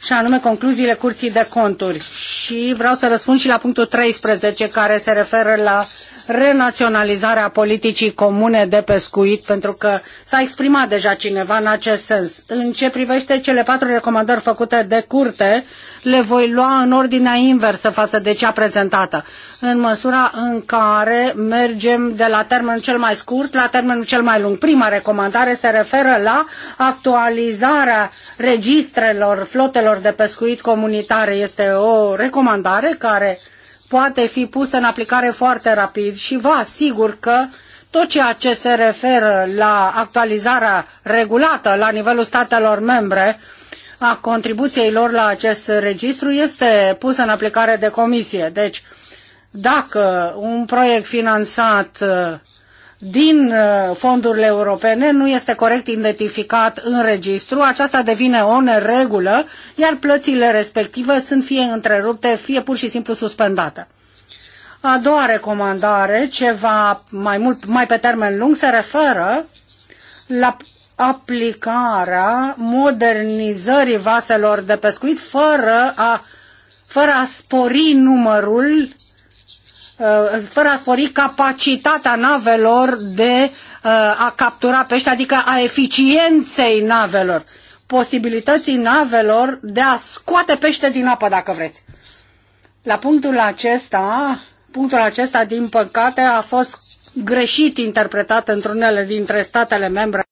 și anume concluziile Curții de Conturi. Și vreau să răspund și la punctul 13, care se referă la renaționalizarea politicii comune de pescuit, pentru că s-a exprimat deja cineva în acest sens. În ce privește cele patru recomandări făcute de curte, le voi lua în ordinea inversă față de cea prezentată, în măsura în care mergem de la termenul cel mai scurt la termenul cel mai lung. Prima recomandare se referă la actualizarea registrelor flotelor practicilor de pescuit comunitare este o recomandare care poate fi pusă în aplicare foarte rapid și vă asigur că tot ceea ce se referă la actualizarea regulată la nivelul statelor membre a contribuției lor la acest registru este pusă în aplicare de comisie. Deci, dacă un proiect finanțat din uh, fondurile europene nu este corect identificat în registru, aceasta devine o neregulă, iar plățile respective sunt fie întrerupte, fie pur și simplu suspendate. A doua recomandare, ceva mai, mult, mai pe termen lung, se referă la aplicarea modernizării vaselor de pescuit fără a, fără a spori numărul Uh, fără a spori capacitatea navelor de uh, a captura pești, adică a eficienței navelor, posibilității navelor de a scoate pește din apă, dacă vreți. La punctul acesta, punctul acesta, din păcate, a fost greșit interpretat într-unele dintre statele membre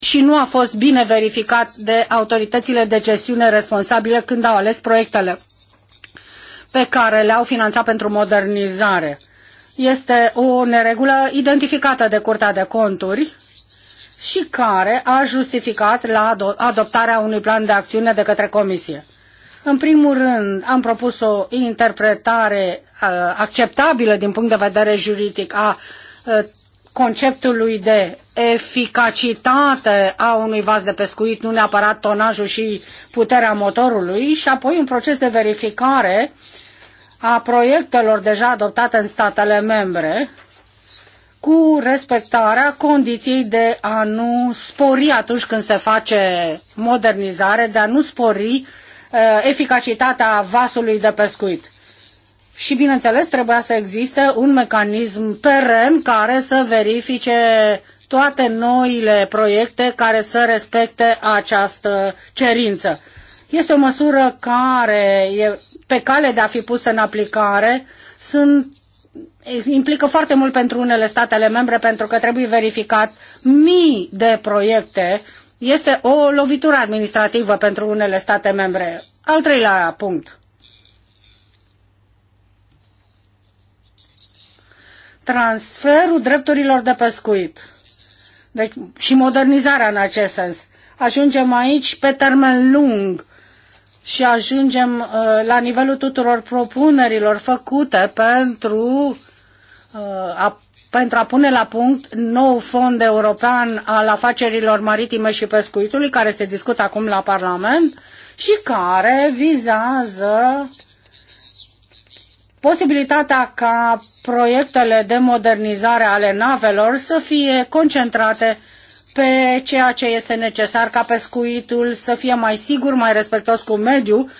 și nu a fost bine verificat de autoritățile de gestiune responsabile când au ales proiectele pe care le-au finanțat pentru modernizare. Este o neregulă identificată de Curtea de Conturi și care a justificat la adoptarea unui plan de acțiune de către Comisie. În primul rând, am propus o interpretare uh, acceptabilă din punct de vedere juridic a uh, conceptului de eficacitate a unui vas de pescuit, nu neapărat tonajul și puterea motorului, și apoi un proces de verificare uh, a proiectelor deja adoptate în statele membre cu respectarea condiției de a nu spori atunci când se face modernizare, de a nu spori eh, eficacitatea vasului de pescuit. Și, bineînțeles, trebuia să existe un mecanism peren care să verifice toate noile proiecte care să respecte această cerință. Este o măsură care e pe cale de a fi pusă în aplicare sunt implică foarte mult pentru unele statele membre pentru că trebuie verificat mii de proiecte. Este o lovitură administrativă pentru unele state membre. Al treilea punct. Transferul drepturilor de pescuit. Deci și modernizarea în acest sens. Ajungem aici pe termen lung și ajungem uh, la nivelul tuturor propunerilor făcute pentru uh, a, pentru a pune la punct nou fond european al afacerilor maritime și pescuitului, care se discută acum la Parlament și care vizează posibilitatea ca proiectele de modernizare ale navelor să fie concentrate pe ceea ce este necesar ca pescuitul să fie mai sigur, mai respectos cu mediul.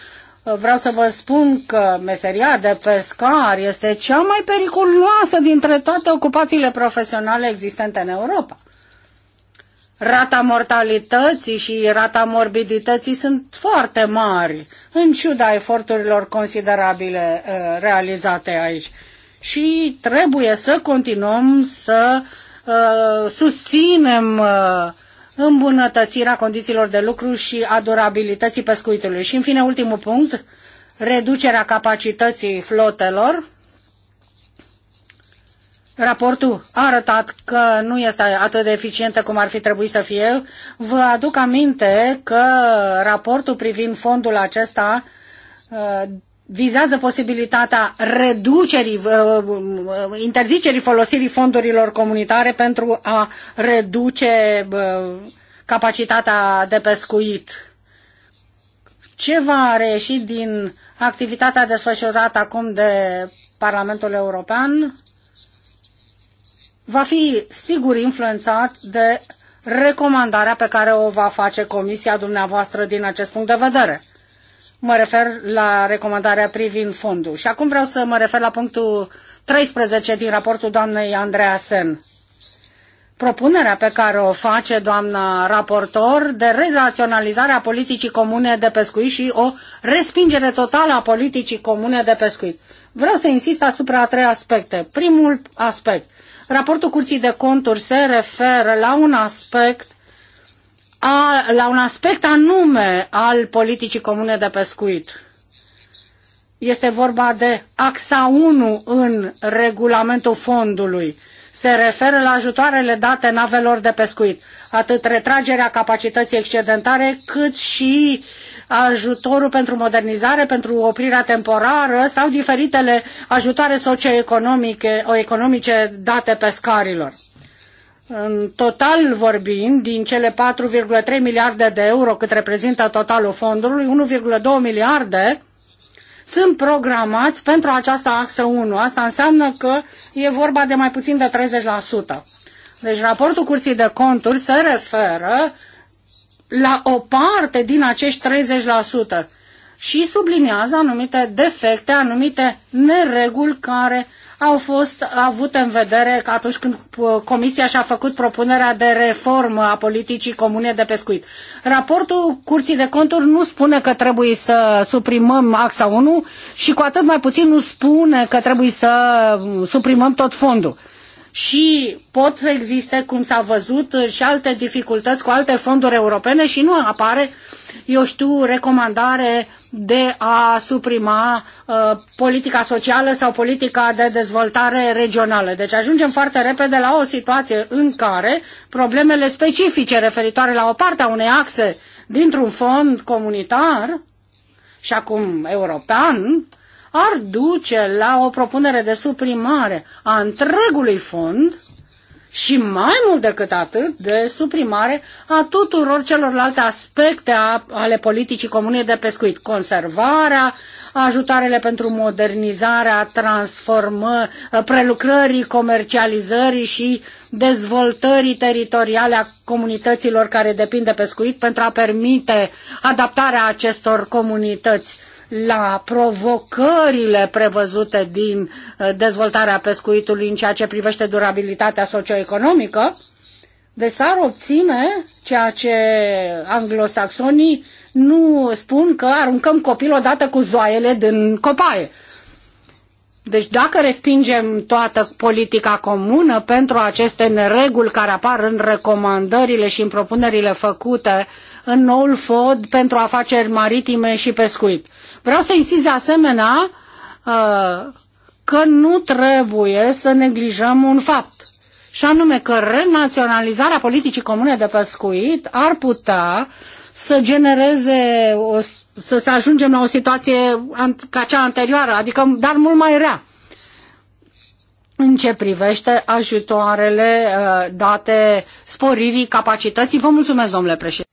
Vreau să vă spun că meseria de pescar este cea mai periculoasă dintre toate ocupațiile profesionale existente în Europa. Rata mortalității și rata morbidității sunt foarte mari, în ciuda eforturilor considerabile uh, realizate aici. Și trebuie să continuăm să uh, Uh, susținem uh, îmbunătățirea condițiilor de lucru și a durabilității pescuitului. Și, în fine, ultimul punct, reducerea capacității flotelor. Raportul a arătat că nu este atât de eficientă cum ar fi trebuit să fie. Vă aduc aminte că raportul privind fondul acesta uh, vizează posibilitatea reducerii, uh, interzicerii folosirii fondurilor comunitare pentru a reduce uh, capacitatea de pescuit. Ce va reieși din activitatea desfășurată acum de Parlamentul European va fi sigur influențat de recomandarea pe care o va face Comisia dumneavoastră din acest punct de vedere. Mă refer la recomandarea privind fondul. Și acum vreau să mă refer la punctul 13 din raportul doamnei Andreea Sen. Propunerea pe care o face doamna raportor de relaționalizare a politicii comune de pescuit și o respingere totală a politicii comune de pescuit. Vreau să insist asupra a trei aspecte. Primul aspect. Raportul Curții de Conturi se referă la un aspect a, la un aspect anume al politicii comune de pescuit. Este vorba de axa 1 în regulamentul fondului. Se referă la ajutoarele date navelor de pescuit, atât retragerea capacității excedentare, cât și ajutorul pentru modernizare, pentru oprirea temporară sau diferitele ajutoare socioeconomice o economice date pescarilor. În total vorbind, din cele 4,3 miliarde de euro cât reprezintă totalul fondului, 1,2 miliarde sunt programați pentru această axă 1. Asta înseamnă că e vorba de mai puțin de 30%. Deci raportul Curții de Conturi se referă la o parte din acești 30% și subliniază anumite defecte, anumite nereguli care au fost avute în vedere că atunci când uh, Comisia și-a făcut propunerea de reformă a politicii comune de pescuit. Raportul Curții de Conturi nu spune că trebuie să suprimăm axa 1 și cu atât mai puțin nu spune că trebuie să suprimăm tot fondul și pot să existe, cum s-a văzut, și alte dificultăți cu alte fonduri europene și nu apare, eu știu, recomandare de a suprima uh, politica socială sau politica de dezvoltare regională. Deci ajungem foarte repede la o situație în care problemele specifice referitoare la o parte a unei axe dintr-un fond comunitar și acum european ar duce la o propunere de suprimare a întregului fond și mai mult decât atât de suprimare a tuturor celorlalte aspecte a, ale politicii comune de pescuit. Conservarea, ajutarele pentru modernizarea, transformă, ă, prelucrării, comercializării și dezvoltării teritoriale a comunităților care depind de pescuit pentru a permite adaptarea acestor comunități la provocările prevăzute din uh, dezvoltarea pescuitului în ceea ce privește durabilitatea socioeconomică, de s-ar obține ceea ce anglosaxonii nu spun că aruncăm copil odată cu zoaiele din copaie. Deci dacă respingem toată politica comună pentru aceste nereguli care apar în recomandările și în propunerile făcute în noul FOD pentru afaceri maritime și pescuit. Vreau să insist de asemenea uh, că nu trebuie să neglijăm un fapt, și anume că renaționalizarea politicii comune de pescuit ar putea să genereze, o, să, să ajungem la o situație ca cea anterioară, adică, dar mult mai rea. În ce privește ajutoarele uh, date sporirii capacității, vă mulțumesc, domnule președinte.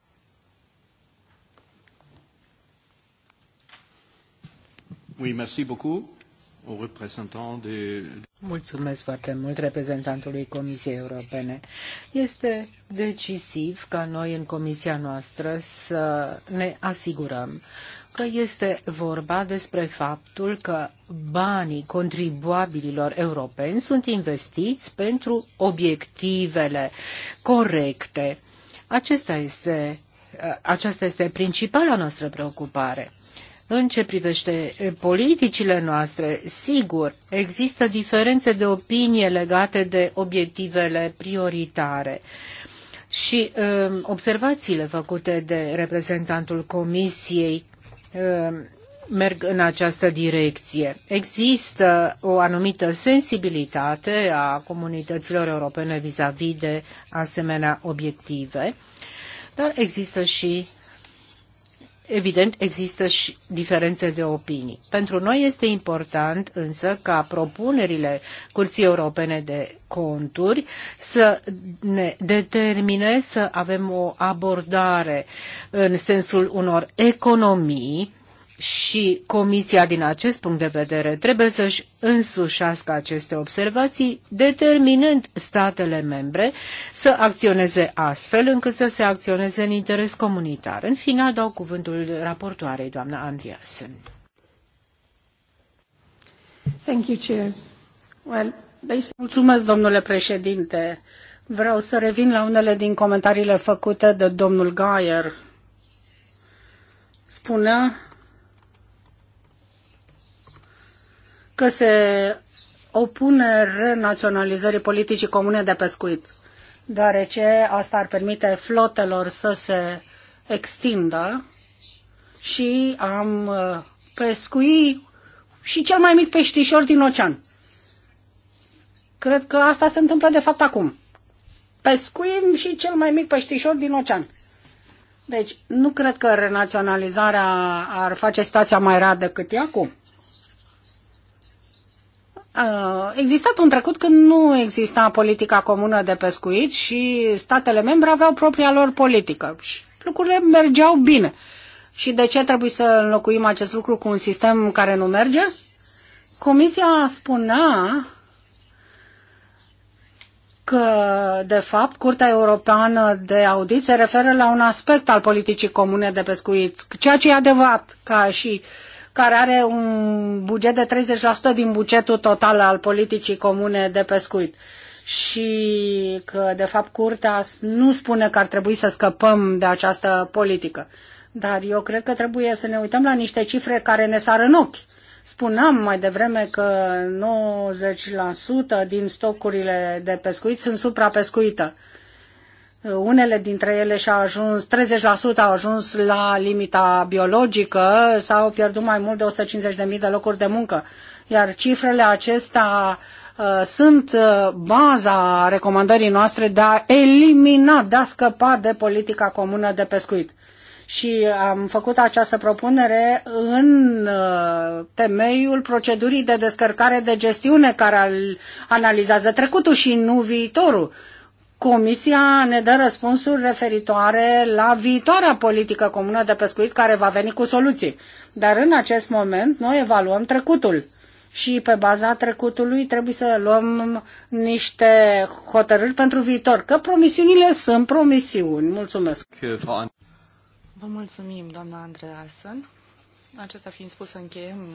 Mulțumesc foarte mult reprezentantului Comisiei Europene. Este decisiv ca noi în comisia noastră să ne asigurăm că este vorba despre faptul că banii contribuabililor europeni sunt investiți pentru obiectivele corecte. Acesta este, aceasta este principala noastră preocupare. În ce privește politicile noastre, sigur, există diferențe de opinie legate de obiectivele prioritare. Și uh, observațiile făcute de reprezentantul Comisiei uh, merg în această direcție. Există o anumită sensibilitate a comunităților europene vis-a-vis de asemenea obiective, dar există și evident, există și diferențe de opinii. Pentru noi este important însă ca propunerile Curții Europene de Conturi să ne determine să avem o abordare în sensul unor economii și Comisia, din acest punct de vedere, trebuie să-și însușească aceste observații, determinând statele membre să acționeze astfel încât să se acționeze în interes comunitar. În final dau cuvântul raportoarei, doamna Andreasen. Thank you, Chair. Well, basically... Mulțumesc, domnule președinte. Vreau să revin la unele din comentariile făcute de domnul Gaier. Spunea că se opune renaționalizării politicii comune de pescuit, deoarece asta ar permite flotelor să se extindă și am uh, pescui și cel mai mic peștișor din ocean. Cred că asta se întâmplă de fapt acum. Pescuim și cel mai mic peștișor din ocean. Deci, nu cred că renaționalizarea ar face situația mai rea decât e acum. Uh, existat un trecut când nu exista politica comună de pescuit și statele membre aveau propria lor politică și lucrurile mergeau bine. Și de ce trebuie să înlocuim acest lucru cu un sistem care nu merge? Comisia spunea că, de fapt, Curtea Europeană de Audit se referă la un aspect al politicii comune de pescuit, ceea ce e adevărat, ca și uh, care are un buget de 30% din bugetul total al politicii comune de pescuit și că, de fapt, curtea nu spune că ar trebui să scăpăm de această politică. Dar eu cred că trebuie să ne uităm la niște cifre care ne sar în ochi. Spuneam mai devreme că 90% din stocurile de pescuit sunt suprapescuită. Uh, unele dintre ele și-au ajuns, 30% au ajuns la limita biologică, s-au pierdut mai mult de 150.000 de locuri de muncă. Iar cifrele acestea uh, sunt uh, baza recomandării noastre de a elimina, de a scăpa de politica comună de pescuit. Și am făcut această propunere în uh, temeiul procedurii de descărcare de gestiune care analizează trecutul și nu viitorul Comisia ne dă răspunsuri referitoare la viitoarea politică comună de pescuit care va veni cu soluții. Dar în acest moment noi evaluăm trecutul și pe baza trecutului trebuie să luăm niște hotărâri pentru viitor, că promisiunile sunt promisiuni. Mulțumesc! Vă mulțumim, doamna Andreasen. Acesta fiind spus, încheiem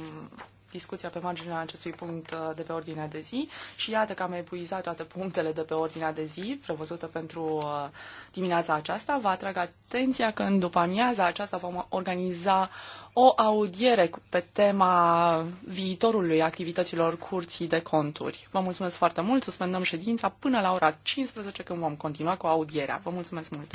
discuția pe marginea acestui punct uh, de pe ordinea de zi și iată că am epuizat toate punctele de pe ordinea de zi prevăzută pentru uh, dimineața aceasta. Vă atrag atenția că în după amiaza aceasta vom organiza o audiere pe tema viitorului activităților curții de conturi. Vă mulțumesc foarte mult, suspendăm ședința până la ora 15 când vom continua cu audierea. Vă mulțumesc mult!